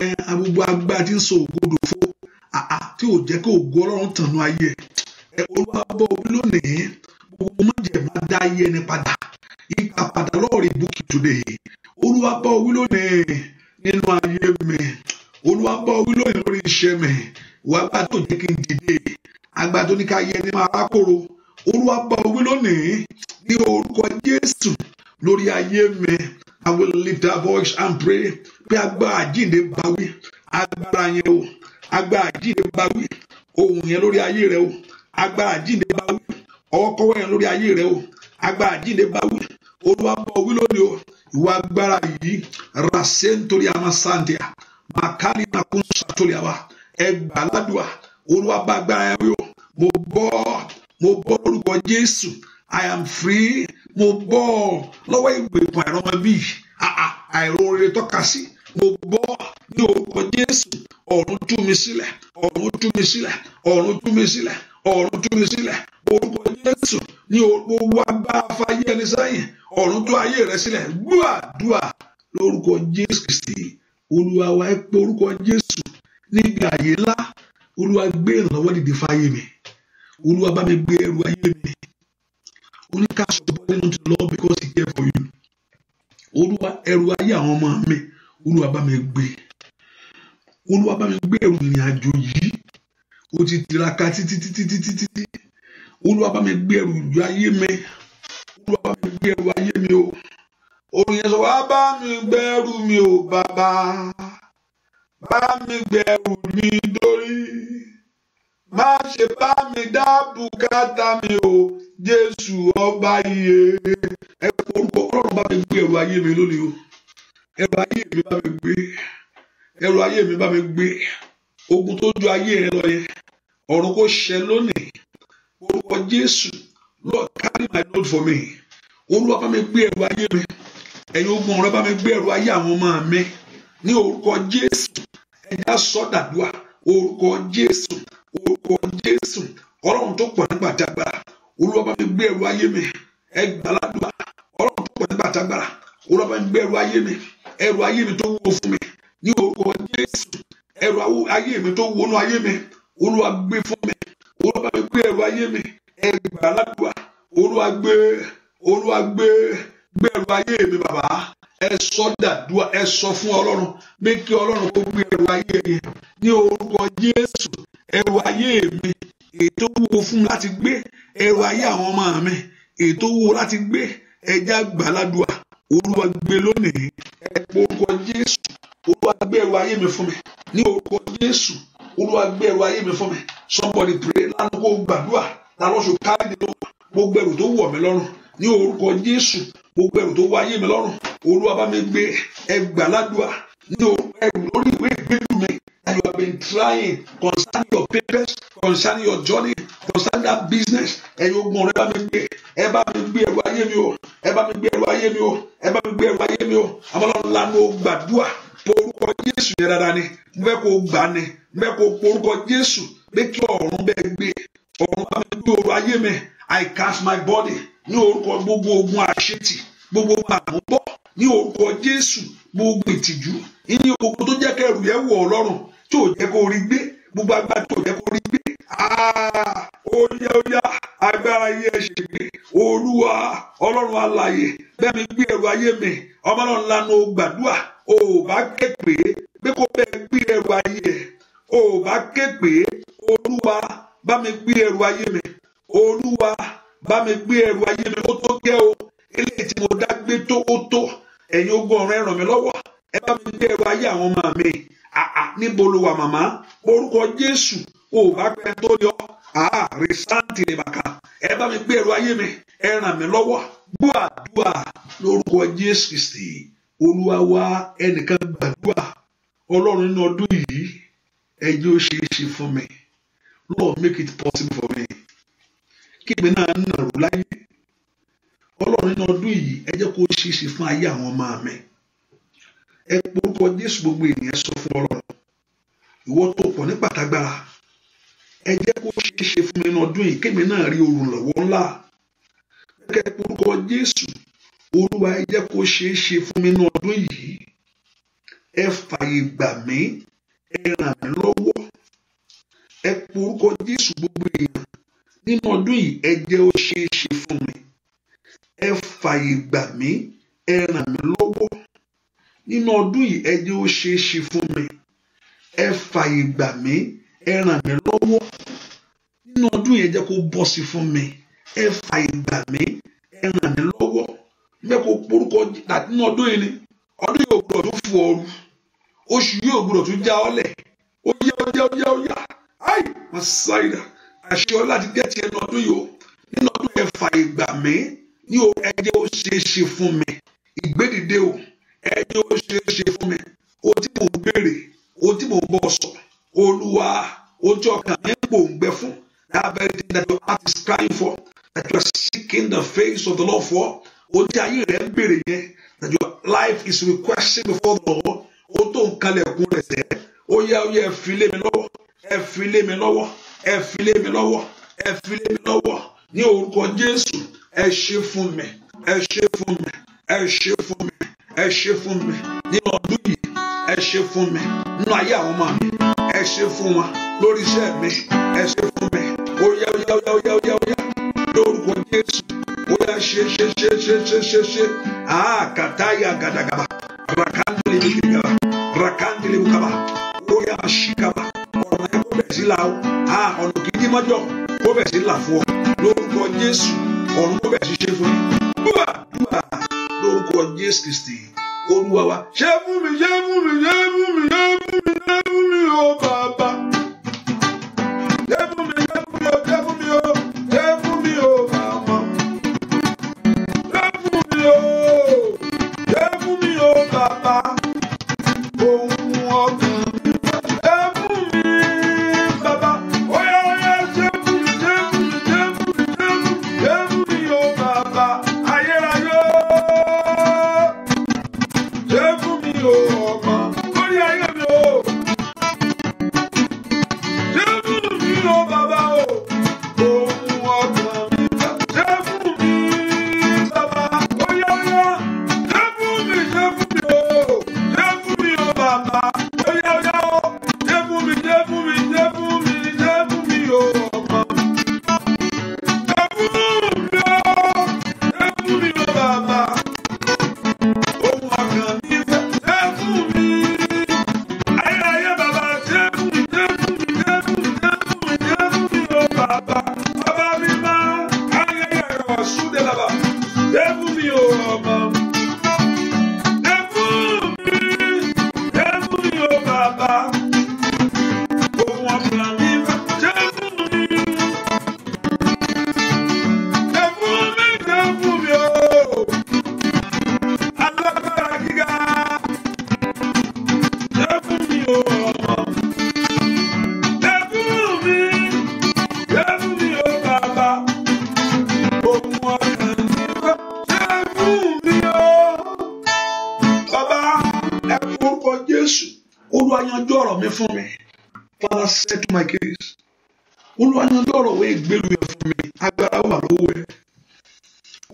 Eh, gbogbo agbára tí ń so ògodò fún àá tí ò jẹ́ kí ògo ọlọ́run tànú ayé ẹ olúwa bọ́ orí lónìí gbogbo májèmá dá ayé ẹni padà ìgbà padà lọ́ọ̀rì bùkì today olúwa bọ́ orí lónìí nínú ayé mi olúwa bọ́ orí lónìí lórí iṣẹ́ mi wàá tó jẹ́ kí n dìde àgbà ní ká yẹ ẹni máa rákòrò olúwa lónìí ní orúkọ jésù lórí ayé mi I will lift our voice and pray. Pé agbára àjíǹde bá wí. Agbára yẹn o. Agbára àjíǹde bá wí. Ohun yẹn lórí ayé rẹ o. Agbára àjíǹde bá wí. Ọwọ́kọ́wọ́ yẹn lórí ayé rẹ o. Agbára àjíǹde bá wí. Olúwa bá wí lónìí o. Ìwà agbára yìí. Ràṣẹ́ nítorí àmàṣàǹdíà. Màkàlì màkún sàtòlì àwa. Ẹgbàá ládùá. Olúwa bá agbára yẹn wí o. Mo bọ́ mo bọ́ lórúkọ Jésù. I am free mo bọ́ ọ lọ́wọ́ ìgbèkùn àìrọ́mọ bíi àìróore tọ́ka sí mo bọ́ ní orúkọ Jésù ọ̀run tú mi sílẹ̀ ọ̀run tú mi sílẹ̀ ọ̀run tú mi sílẹ̀ ọ̀run tú mi sílẹ̀ orúkọ Jésù ní gbogbo agbáfáyé ẹni sẹ́yìn ọ̀run tú ayé rẹ sílẹ̀ gbúàdúà lórúkọ Jésù Kristi Olúwa wa ẹ pé orúkọ Jésù níbi àyè ńlá Olúwa gbé ìrànlọ́wọ́ dìde fáyé mi Olúwa bá mi gbé ẹrù ayé mi ó ní ká sọ bọ́ nínú ti lọ because he care for you olúwa ẹrù ayé àwọn ọmọ mi olúwa bá mi gbé olúwa bá mi gbé ẹrù ìrìn àjò yìí ó ti tiraka títí títí títí títí olúwa bá mi gbé ẹrù ìjọ ayé mi olúwa bá mi gbé ẹrù ayé mi o orin yẹn sọ wá bá mi gbẹrù mi o bàbá bá mi gbẹrù mi dórí má ṣe bá mi dá bùkátà mi o jésù ọba iye ẹ orúkọ ọlọ́run bá mi gbé ẹrù ayé mi lónìí o ẹrù ayé mi bá mi gbé ẹrù ayé mi bá mi gbé ogun tó ju ayé rẹ lọ yẹn ọ̀run kò ṣẹ lónìí orúkọ jésù lord carry my load for me olúwa bá mi gbé ẹrù ayé mi ẹ̀yin ogun ọ̀rẹ́ bá mi gbé ẹrù ayé àwọn ọmọ mi ní orúkọ jésù ẹ̀dá sọ́dàdúà orúkọ jésù orúkọ jésù ọlọ́run tó pọ̀ nígbà tágbára olúwa bá mi gbé ẹrù ayé mi ẹgbàládùá ọlọ́run tó pọ̀ nígbà tágbára olúwa bá mi gbé ẹrù ayé mi ẹrù ayé mi tó wúwo fún mi ní orúkọ jésù ẹrù ayé mi tó wúwo nú ayé mi olúwa gbé fún mi olúwa bá mi gbé ẹrù ayé mi ẹgbàládùá olúwa gbé olúwa gbé gbé ẹrù ayé mi bàbá ẹ sọ dàdúà ẹ sọ fún ọlọ́run pé kí ọlọ́run kó gbé ẹrù ayé mi ní orúkọ jésù ẹrù ayé mi ètò wúwo fún mi láti gbé ẹrù ayé àwọn ọmọ mi ètò wúwo láti gbé ẹjẹ àgbàládùá olúwa gbé lónìí ẹ orúkọ jésù olúwa gbé ẹrù ayé mi fún mi ní orúkọ jésù olúwa gbé ẹrù ayé mi fún mi somebody pray lánàá kó gbàdúrà lálọ́sọ káàdì ló gbogbo ẹrù tó wọ̀ mí lọ́rùn ní orúkọ jésù gbogbo ẹrù tó wọ ayé mi lọ́rùn olúwa bá mi gbé ẹgbàládùá ní orúkọ ẹrù lórí you have been trying concerning your papers concerning your journey concerning that business ẹ̀yin ogun ọ̀rẹ́ bá mi gbé ẹ bá mi gbé ẹrù ayé mi o ẹ bá mi gbé ẹrù ayé mi o ẹ bá mi gbé ẹrù ayé mi o amọ̀lọ́run lanu gbàdúrà porúkọ Jésù yẹn dáadáa ni mo fẹ́ kó gbà ni mo fẹ́ kó porúkọ Jésù pé kí ọ̀run bẹ́ẹ̀ gbé ọ̀run bá mi gbé ọ̀rọ̀ ayé mi I cast my body ní orúkọ gbogbo ogun àṣetì gbogbo ogun àmúbọ̀ ní orúkọ Jésù gbogbo ìtìjú ní ogun tó jẹ́ kẹrù yẹn wọ̀ ọlọ́run tí ò jẹ́ kó rí gbé gbogbo agbára tí ò jẹ́ kó rí gbé ah, óyá óyá agbára yẹ ẹ̀ṣẹ̀ gbé olúwa ọlọ́run alààyè bẹ́ẹ̀ mi gbé ẹrù ayé mi ọmọ náà lanu gbàdúrà ò bá ké pé pé kó bẹ́ẹ̀ gbé ẹrù ayé ẹ̀ ò bá ké pé olúwa bá mi gbé ẹrù ayé mi olúwa bá mi gbé ẹrù ayé mi ó tó gẹ́ o eléyìí tí mo dá gbé tó ó tó ẹ̀yin ogun ọ̀run ràn mí lọ́wọ́ ẹ bá mi gbé ẹrù ayé àwọn ọmọ mi àà ah, ah, níbo ló wà màmá orúkọ jésù ò bá pẹ́ tó yọ àà ah, rìsáǹtì rẹ̀ bàkà ẹ bá mi gbé ẹrù ayé mi ẹ ràn mí lọ́wọ́ gbọ́ àdúrà lórúkọ jésù kristi olúwa ẹnìkan gbàdúrà ọlọ́run nínú ọdún yìí ẹ jẹ́ ó ṣeé ṣe fún mi lord make it possible for me kí èmi náà nàró láyé ọlọ́run nínú ọdún yìí ẹ jẹ́ kó ṣeé ṣe fún ayé àwọn ọmọ mi ẹ porúkọ jésù gbogbo ènìyàn sọ fún ọlọ́run ìwọ tó pọ̀ ní pàtàgbára ẹ jẹ́ kó ṣeé ṣe fún mi ní ọdún yìí kémi náà rí olùrànlọ́wọ́ ńlá kẹ porúkọ jésù olúwa ẹ jẹ́ kó ṣeé ṣe fún mi ní ọdún yìí ẹ fàyè gbà mí ẹ ràn mí lọ́wọ́ ẹ porúkọ jésù gbogbo èèyàn nínú ọdún yìí ẹ jẹ́ ó ṣeé fún mi ẹ fàyè gbà mí ẹ ràn mí lọ́wọ́ nínú ọdún yìí ẹ jẹ́ ó ṣeé ṣe fún mi ẹ fààyè gbà mí ẹ ràn mí lọ́wọ́ nínú ọdún yìí ẹ jẹ́ kó bọ́ sí fún mi ẹ fààyè gbà mí ẹ ràn mí lọ́wọ́ mẹ́kọ̀ọ́ porúkọ nínú ọdún yìí ni ọdún yìí ò gbọdọ̀ tó fún ọrù oṣù yìí ò gbọdọ̀ tó já ọlẹ̀ ó yá ó yá ó yá ó yá ai masaida àṣẹ ọlá ti gẹ́tì ẹnu ọdún yìí o nínú ọdún yẹn fààyè gbà mí ní ẹ jẹ́ ó ṣeé ṣe fún mi ìgbédìde o ẹ jẹ́ ó ṣeé ṣe fún mi o tí mò ń béèrè o tí mò ń bọ̀ sọ olúwa o ọkàn mi ń pòǹgbẹ fún that very thing that your heart is crying for that you are seeking the face of the Lord for o ayé rẹ ń béèrè yẹn that your life is requesting before the Lord o tó ń kalẹ̀kùn rẹ̀ sẹ́ ó yẹ ó yẹ ẹ fi lé mi lọ́wọ́ ẹ fi lé mi lọ́wọ́ ẹ fi lé mi lọ́wọ́ ẹ fi lé mi lọ́wọ́ ní orúkọ Jésù ẹ ṣe fún mi ẹ ṣe fún mi ẹ ṣe fún mi ẹ ṣe fún mi nínú ọdún yìí ẹ ṣe fún mi nínú ayé àwọn ọmọ mi ẹ ṣe fún wọn lórí iṣẹ́ mi ẹ ṣe fún mi ó yá ó yá ó yá ó yá ó yá ó yá lórúkọ Jésù ó yá ṣe ṣe ṣe ṣe ṣe ṣe ṣe àkàtáyà gàdàgàbà rakandele bìkìgàbà rakandele bìkàbà ó ṣìkàbà ọ̀nà ẹ̀ kó bẹ̀ sí la ó ọ̀nà kìí mọ́jọ́ kó bẹ̀ sí fún ọ lórúkọ Jésù ọ̀nà kó bẹ̀ ṣe fún mi lórúkọ Jésù Kristi olúwa wa ṣé fún mi ṣé fún mi ṣé fún mi ṣé fún mi ṣé fún mi ó bàbá ṣé fún mi ṣé fún mi ó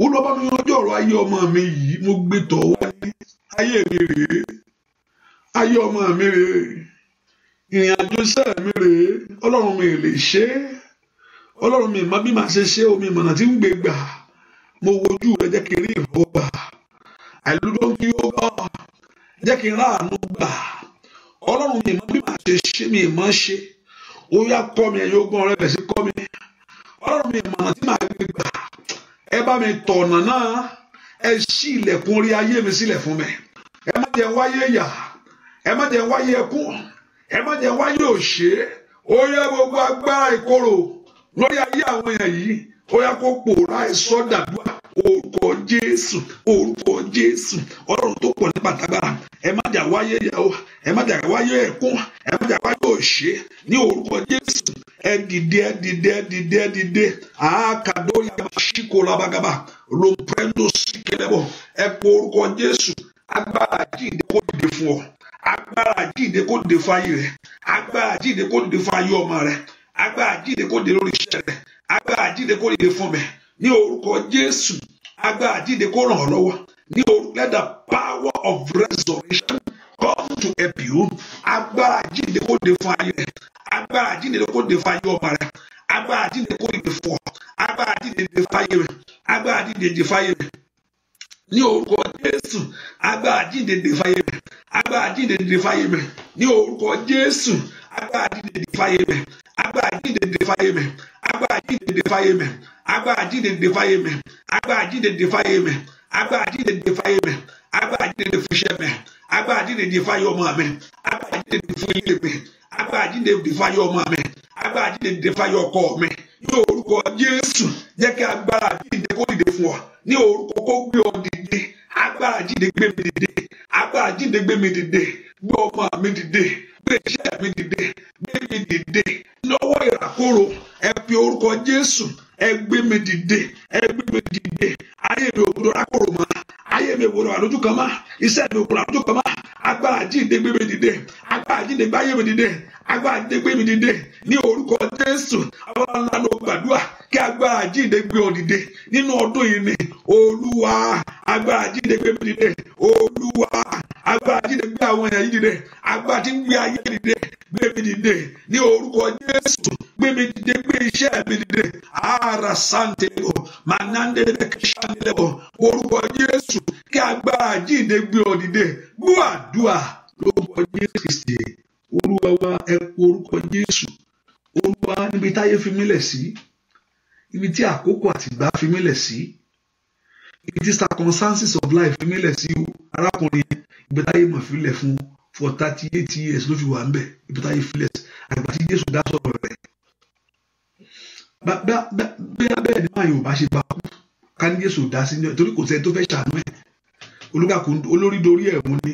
olúwa bá mi yanjú ọ̀rọ̀ ayé ọmọ mi yìí mo gbé tọ̀ wá ní ayé mi rèé ayé ọmọ mi rèé ìrìn àjò iṣẹ́ mi rèé ọlọ́run mi lè ṣe é ọlọ́run mi má bí màá ṣe ṣe omi ìmọ̀nà tí ń gbé gbà mo wojú rẹ jẹ́ kí n rí ìrànwọ́ gbà àìlúdọ́ ó bá jẹ́ kí n ráàánú gbà ọlọ́run mi má bí màá ṣe ṣe mi ìmọ̀ ṣe ó yá kọ́ mi ẹ̀yọ́ rẹ bẹ̀ sí kọ́ mi ọlọ́run mi ìmọ̀nà tí màá gbé gbà ẹ bá mi tọ̀nà náà ẹ ṣí ilẹ̀kùn orí ayé mi sílẹ̀ fún mi ẹ má jẹ́ wáyé yà ẹ má jẹ́ wáyé ẹkún ẹ má jẹ́ wáyé òṣè ó yẹ gbogbo agbára ìkorò lórí ayé àwọn èèyàn yìí ó yẹ kó pòórá ẹ sọ́dàdúrà jésù orúkọ jésù ọlọ́run tó pọ̀ ní pàtàgbára ẹ má jà wáyé ìyàwó ẹ má jà wáyé ẹkún ẹ má jà wáyé òṣè ní orúkọ jésù ẹ dìde ẹ dìde ẹ dìde ẹ dìde àákàdóyà ṣíkò labagaba lomprendo síkẹlẹbọ ẹ pọ orúkọ jésù agbára jíde kó dìde fún ọ agbára jíde kó dìde fún ayé rẹ agbára jíde kó dìde fún ayé ọmọ rẹ agbára jíde kó dìde lórí iṣẹ́ rẹ agbára jíde kó dìde fún mi ní orúkọ jésù agba jíde kó ràn ní of resurrection come to help you agbára jíde kó de fún ayé rẹ agbára jíde kó de fún ayé ọmọ rẹ agbára jíde kó de fún dị agbára jíde de fún ayé rẹ agbára ní orúkọ jésù agbára jíde de dị ayé rẹ agbára jíde dị agbára jíǹde dìde fáyé mi agbára jíǹde dìde fáyé mi agbára jíǹde dìde fáyé mi agbára jíǹde dìde fúnṣẹ́ mi agbára jíǹde dìde fáyé ọmọ mi agbára jíǹde dìde fún ilé mi agbára jíǹde dìde fáyé ọmọ mi agbára jíǹde dìde fáyé ọkọ mi ní orúkọ Jésù jẹ́ kí agbára jíǹde kó dìde fún ọ ní orúkọ kó gbé ọ dìde agbára jíǹde gbé mi dìde agbára jíǹde gbé mi dìde gbé ọmọ mi dìde gbé iṣẹ́ mi dìde gbé mi dìde lọ́wọ́ ìràkòrò ẹ pe orúkọ Jésù egbe medide egbe medide anyị na obodo akpụrụ mara ayé mi òwúrọ̀ wà lójú kan mọ́ iṣẹ́ mi òwúrọ̀ wà lójú kan mọ́ agbára jíǹde gbé mi dìde agbára jíǹde gbé ayé mi dìde agbára jíǹde gbé mi dìde ní orúkọ Jésù ọlọ́run lánàá gbàdúrà kí agbára jíǹde gbé ọ dìde nínú ọdún yìí ni olúwa agbára jíǹde gbé mi dìde olúwa agbára jíǹde gbé àwọn èèyàn yìí dìde agbára tí ń gbé ayé dìde gbé mi dìde ní orúkọ Jésù gbé mi dìde gbé iṣẹ́ mi dìde ara sante o manande lebe kí sante lebo orúkọ Jésù. Jésù kí agbára àjíǹde gbé ọ dìde gbọ́ àdúà lórúkọ Jésù Kristi olúwa wa ẹ kú orúkọ Jésù olúwa níbi táyé fi mílẹ̀ sí ibi tí àkókò àtìgbà fi mílẹ̀ sí ibi tí circumstances of life fi mílẹ̀ sí arákùnrin ibi táyé mọ̀ fílẹ̀ fún for thirty eight years ló fi wà ń bẹ̀ ibi táyé fílẹ̀ àgbà tí Jésù dá sọ̀rọ̀ rẹ̀ bẹ́ẹ̀ ni máa yóò bá ṣe bá kú ká ní Jésù dá sí torí kò sẹ́ni tó fẹ́ ṣàánú ẹ̀ olùkàkù olórí dorí ẹ̀ mú ni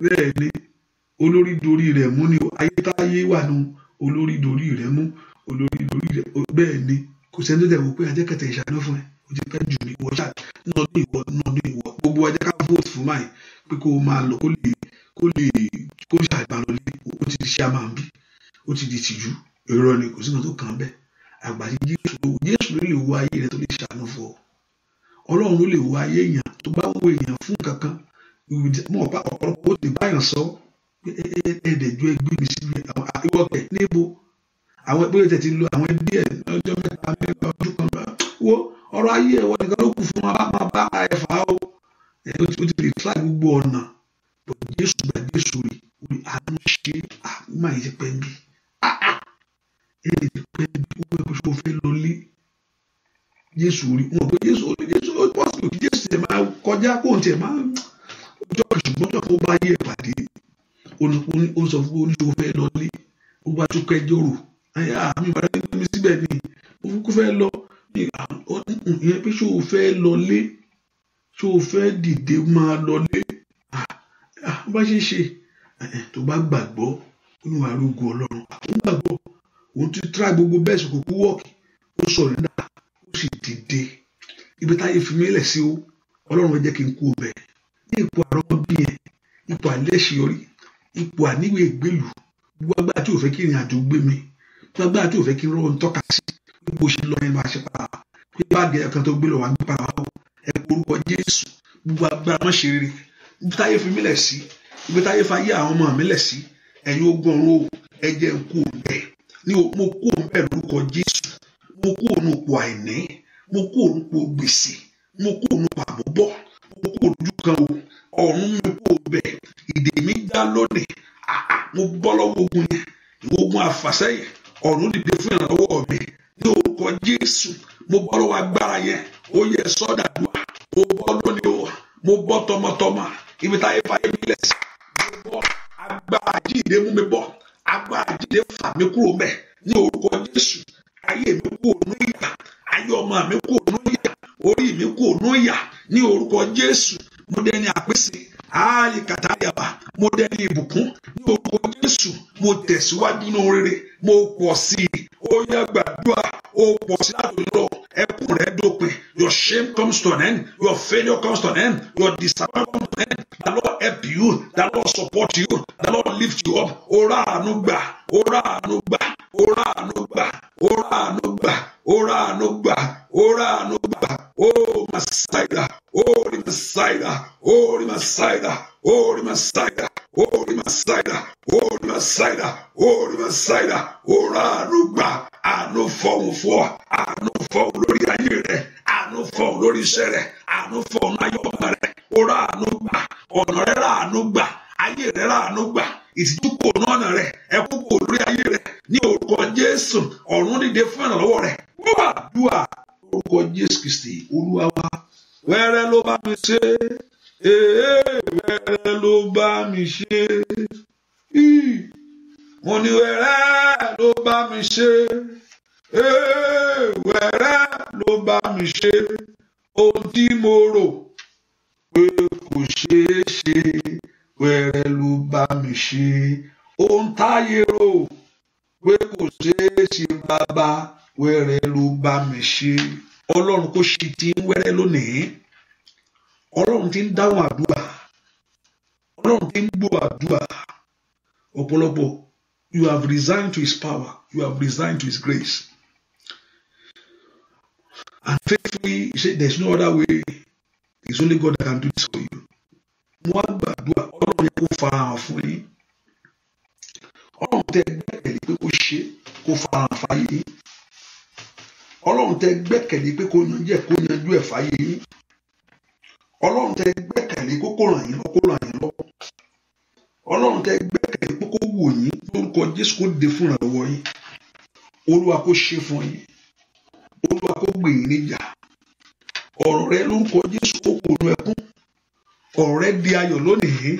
bẹ́ẹ̀ ni olórí dorí rẹ̀ mú ni ayétáyé wà nù olórí dorí rẹ̀ mú olórí dorí rẹ̀ bẹ́ẹ̀ ni kò sẹ́ni tó dẹ̀wò pé ajẹ́kẹ̀tẹ̀ ìṣàánú fún ẹ o ti fẹ́ jù mí ìwọ ṣáà nọdún ìwọ nọdún ìwọ gbogbo ajá ká vote fún máì pé kó máa lọ kó lè kó lè kó ṣàgbàlọlé o ti di ṣàmàn bí o ti di tìjú èrò ni kò sí nǹkan tó kàn bẹ́ẹ̀ àgbà tí Jésù ló Jésù ayé rẹ tó lè ṣàánú fún ọ ọlọ́run ló lè wo ayé èèyàn tó bá ń wo èèyàn fún nǹkan kan mọ̀ ọ́ ọ̀pọ̀lọpọ̀ ó ti báyàn sọ ẹ̀ẹ́dẹ̀jọ́ ẹgbẹ́ mi síbi ìwọ kẹ̀ níbo àwọn ẹgbẹ́ yẹn tẹ̀sí lo àwọn ẹbí ẹ̀ lọ́jọ́ mẹ́ta mẹ́ta ọdún kan wo ọ̀rọ̀ ayé ẹ̀wọ́ nìkan ló kù fún wa máa bá ara ẹ̀ fà á o ó ti rí tíláì gbogbo ọ̀nà bọ̀ Jésù gba Jésù rè orí àánú ṣe àmúmáyé pẹ́ńbí ẹ̀ẹ́dẹ̀jọ́ pẹ́ńbí ó wẹ́ pé ṣé o fẹ́ lọ jésù rí wọn pé jésù rí jésù ó pọ́sibú kí jésù tẹ̀ máa kọjá kó n tẹ̀ máa jọ ṣùgbọ́n jọ kó bá yẹ pàdé ó sọ fún oníṣòwò fẹ́ lọlé ó bá tún kẹjọ rò àmì ìbára ní mi síbẹ̀ ni ó fún kó fẹ́ lọ ah, ìyẹn pé ṣó o fẹ́ lọlé ṣó o fẹ́ dìde máa lọlé ah, ah, ó bá ṣe ṣe tó bá gbàgbọ́ olúwa arógun ọlọ́run àwọn gbàgbọ́ òun ti tra gbogbo bẹ́ẹ̀ sọ kókó wọ́ọ̀kì ó sọ̀rọ̀ náà sì dìde ibi táyé fi mílẹ̀ sí o ọlọ́run jẹ́ kí n kú ọbẹ̀ ní ipò àrọ́bí yẹn ipò àlẹ́ṣeyọrí ipò àníwé ìgbélú gbogbo agbára tí ò fẹ́ kí ìrìn àjò gbé mi gbogbo agbára tí ò fẹ́ kí n rọ́ ń tọ́ka sí gbogbo ṣe lọ ẹnu àṣepa pé báàgì ẹ̀kan tó gbé lọ wà nípa wa o ẹ Jésù gbogbo agbára má ṣe rere ibi táyé fi mílẹ̀ sí ibi táyé fa yé àwọn ọmọ mílẹ̀ sí ẹ̀yin ogun ọ̀run o ẹ kú ọbẹ̀ ní mo kú ọbẹ̀ lórúkọ Jésù kú ònupò àìní mo kú ònupò gbèsè mo kú ònupò àbúbọ mo kú ònupò kan o ọ̀run mi kú òbẹ ìdè mi já lónìí mo bọ́ lọ́wọ́ ogun yẹn ogun àfàsẹ́yìn ọ̀run dìde fún ìrànlọ́wọ́ mi ní orúkọ Jésù mo bọ́ lọ́wọ́ agbára yẹn ó yẹ sọ́dàdúrà mo bọ́ lónìí o mo bọ́ tọmọtọmọ ibi táyé fàyè mi lẹ̀ mo bọ́ agbára jíde mú mi bọ̀ agbára jíde fà mí kúrò mẹ́ ní orúkọ Jésù ayé mi kò nú ìyà ayé ọmọ mi kò nú ìyà orí mi kò nú ìyà ní orúkọ Jésù mo dẹni àpèsè ààyè kàtàyàbà mo dẹni ìbùkún ní orúkọ Jésù mo tẹ̀síwájú ní oríire mo pọ̀ sí i ó yá gbàdúrà ó pọ̀ sí láti lọ rẹ dópin your shame comes to an end your failure comes to an end your disappointment comes to an end the Lord help you the Lord support you the Lord lift you up ó rà àánú gbà Ora ráàánú gbà ó ráàánú gbà ora ráàánú gbà ó ráàánú gbà ó ráàánú gbà ó masaida O rí masaida O rí masaida O rí masaida O rí masaida O rí masaida O rí masaida Ora ráàánú gbà àánú fọ̀hún fún ọ àánú fọ̀hún lórí ayé rẹ àánú fọ̀hún lórí iṣẹ́ rẹ àánú fọ̀hún ayé ọmọ rẹ ó ráàánú gbà ọ̀nà rẹ ráàánú gbà ayé rẹ ráàánú gbà ìtìjú kò ní ọ̀nà rẹ ẹkún kò lórí ayé rẹ ní orúkọ jésù ọ̀run dìde fún ìrànlọ́wọ́ rẹ wọ́n wà dùà orúkọ jésù kristi olúwa wa wẹ́rẹ́ ló bá mi ṣe wẹ́rẹ́ ló bá mi ṣe mo ní wẹ́rẹ́ ló bá mi ṣe wẹ́rẹ́ ló bá mi ṣe ohun tí mo rò pé kò ṣeé ṣe wẹ́rẹ́ ló bá mi ṣe ohun táyé rò pé kò ṣeé ṣe bàbá wẹ́rẹ́ ló bá mi ṣe ọlọ́run kò ṣì ti ń wẹ́rẹ́ lónìí ọlọ́run ti ń dáhùn àdúrà ọlọ́run ti ń gbọ́ àdúrà ọ̀pọ̀lọpọ̀ you have resigned to his power you have resigned to his grace and faithfully he said there is no other way it's only God that can do this for you mo wá gbàdúrà ni kó farahàn fún yín ọlọ́run tẹ gbẹ́kẹ̀lé pé kó ṣe kó farahàn fáyé yín ọlọ́run tẹ gbẹ́kẹ̀lé pé kó yanjú ẹ̀ kó yanjú ẹ̀ fáyé yín ọlọ́run tẹ gbẹ́kẹ̀lé kó kó ràn yín lọ kó ràn yín lọ ọlọ́run tẹ gbẹ́kẹ̀lé pé kó wò yín lórúkọ jésù kó dé fúnra lọ́wọ́ yín olúwa kó ṣe fún yín olúwa kó gbè yín níjà ọ̀rọ̀ rẹ lórúkọ jésù kó kò lu ẹkún ọ̀rọ̀ rẹ di ayọ̀ lónìí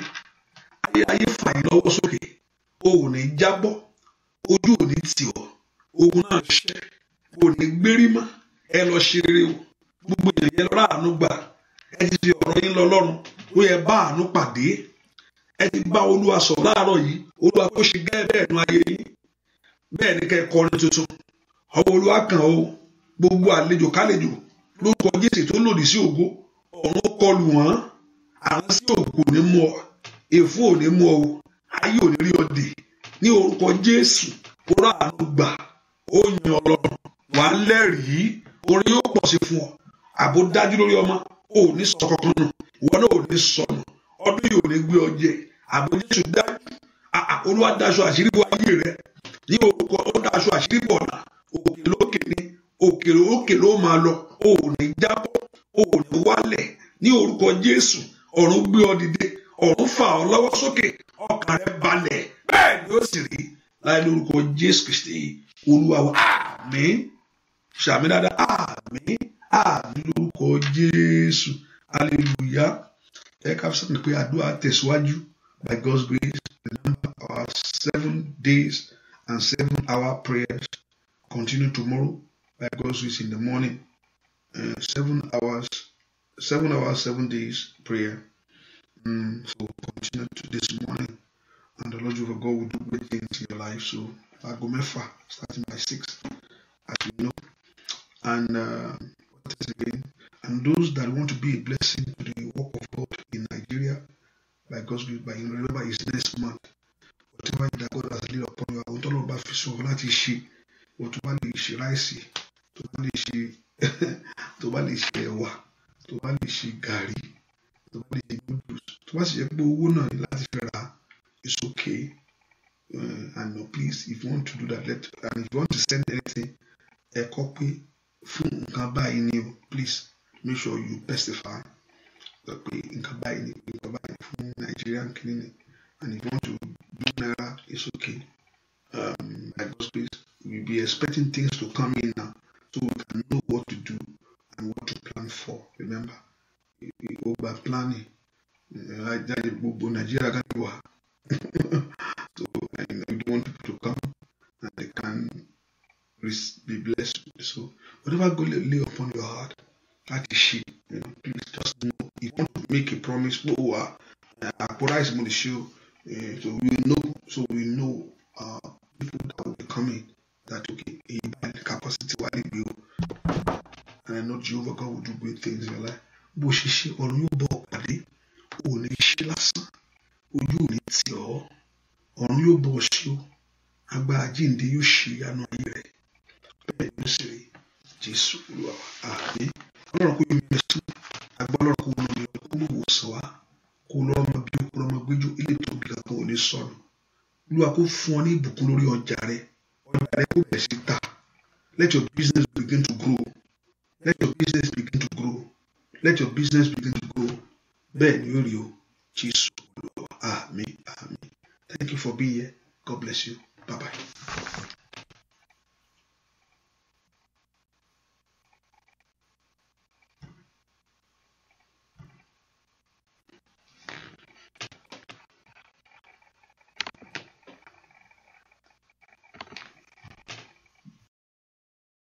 ayérayé fà yín lọ́wọ́ sókè o ò ní jábọ́ ojú ò ní tì ọ́ ogun náà ṣẹ́ o ò ní gbérí mọ́ ẹ lọ ṣe rere o gbogbo ènìyàn yẹn lọ́ra àánú gbà ẹ ti fi ọ̀rọ̀ yín lọ lọ́rùn ó yẹ bá àánú pàdé ẹ ti bá olúwa sọ láàárọ̀ yìí olúwa kó ṣe gẹ́gẹ́ bẹ́ẹ̀ nu ayé yín bẹ́ẹ̀ ni kẹ́ ẹ kọrin tuntun ọwọ́ olúwa kàn ó gbogbo àlejò kálejò lórúkọ jésù tó lòdì sí ògo ọ̀run kọlù wọ́n àrùn sí ògo ní mú ọ efu ò ní mú ọ ayé ò ní rí ọdẹ ní orúkọ Jésù kó ráàánú gbà ó yan ọ àbò dájú lórí ọmọ ò ní sọ kankan nù ìwọ náà ò ní sọnù ọdún yìí ò ní gbé ọ jẹ àbò Jésù dájú Olúwa daṣọ àṣírí ayé rẹ ní orúkọ ó daṣọ àṣírí bò ọ̀nà òkè lókè ni ló máa lọ ò ní ò ní wálẹ̀ ní orúkọ Jésù ọ̀run gbé ọ̀run fà ọ́ lọ́wọ́ sókè ọkàn rẹ balẹ̀ bẹ́ẹ̀ ni ó sì rí láì lórúkọ Jésù Kristi Olúwa wa àmín ṣàmì dáadáa àmín àmín lórúkọ Jésù hallelujah ẹ ká fún mi pé àdúrà tẹ̀síwájú by God's grace remember our seven days and seven hour prayers continue tomorrow by God's grace in the morning uh, seven hours seven hours seven days prayer. Um, so continue to this morning, and the Lord your God will do great things in your life. So I starting by six, as you know, and uh, what uh, again, and those that want to be a blessing to the work of God in Nigeria, by God's will, by Him, remember is next month. Whatever that God has laid upon you, àwọn tó lọ bá fi sọ̀rọ̀ láti ṣe, wọ́n tó bá she. ṣe ráìsì, tó bá lè ṣe, [LAUGHS] tó bá lè ṣe ẹ̀wà, tó tó bá lè good goods tó bá sì pé owó náà ni láti fi ra it's okay uh, and no please if you want to do that let and if you want to send anything ẹ kọ pé fún nǹkan báyìí ni o please make sure you specify pé nǹkan báyìí ni pé nǹkan báyìí fún Nigerian clinic and if you want to do naira it's okay um, by God's grace we will be expecting things to come in now so we can know what to do and what to plan for remember by planning ajáde gbogbo Nigeria ká wà so and we don't want people to come and they can be blessed so whatever God lay upon your heart láti ṣe you know please just know if you want to make a promise no wa àpò rice mo lè ṣe o so we know so we know. kó fún ọ ní ìbùkún lórí ọjà rẹ ọjà rẹ kó bẹ̀rẹ̀ sí ta let your business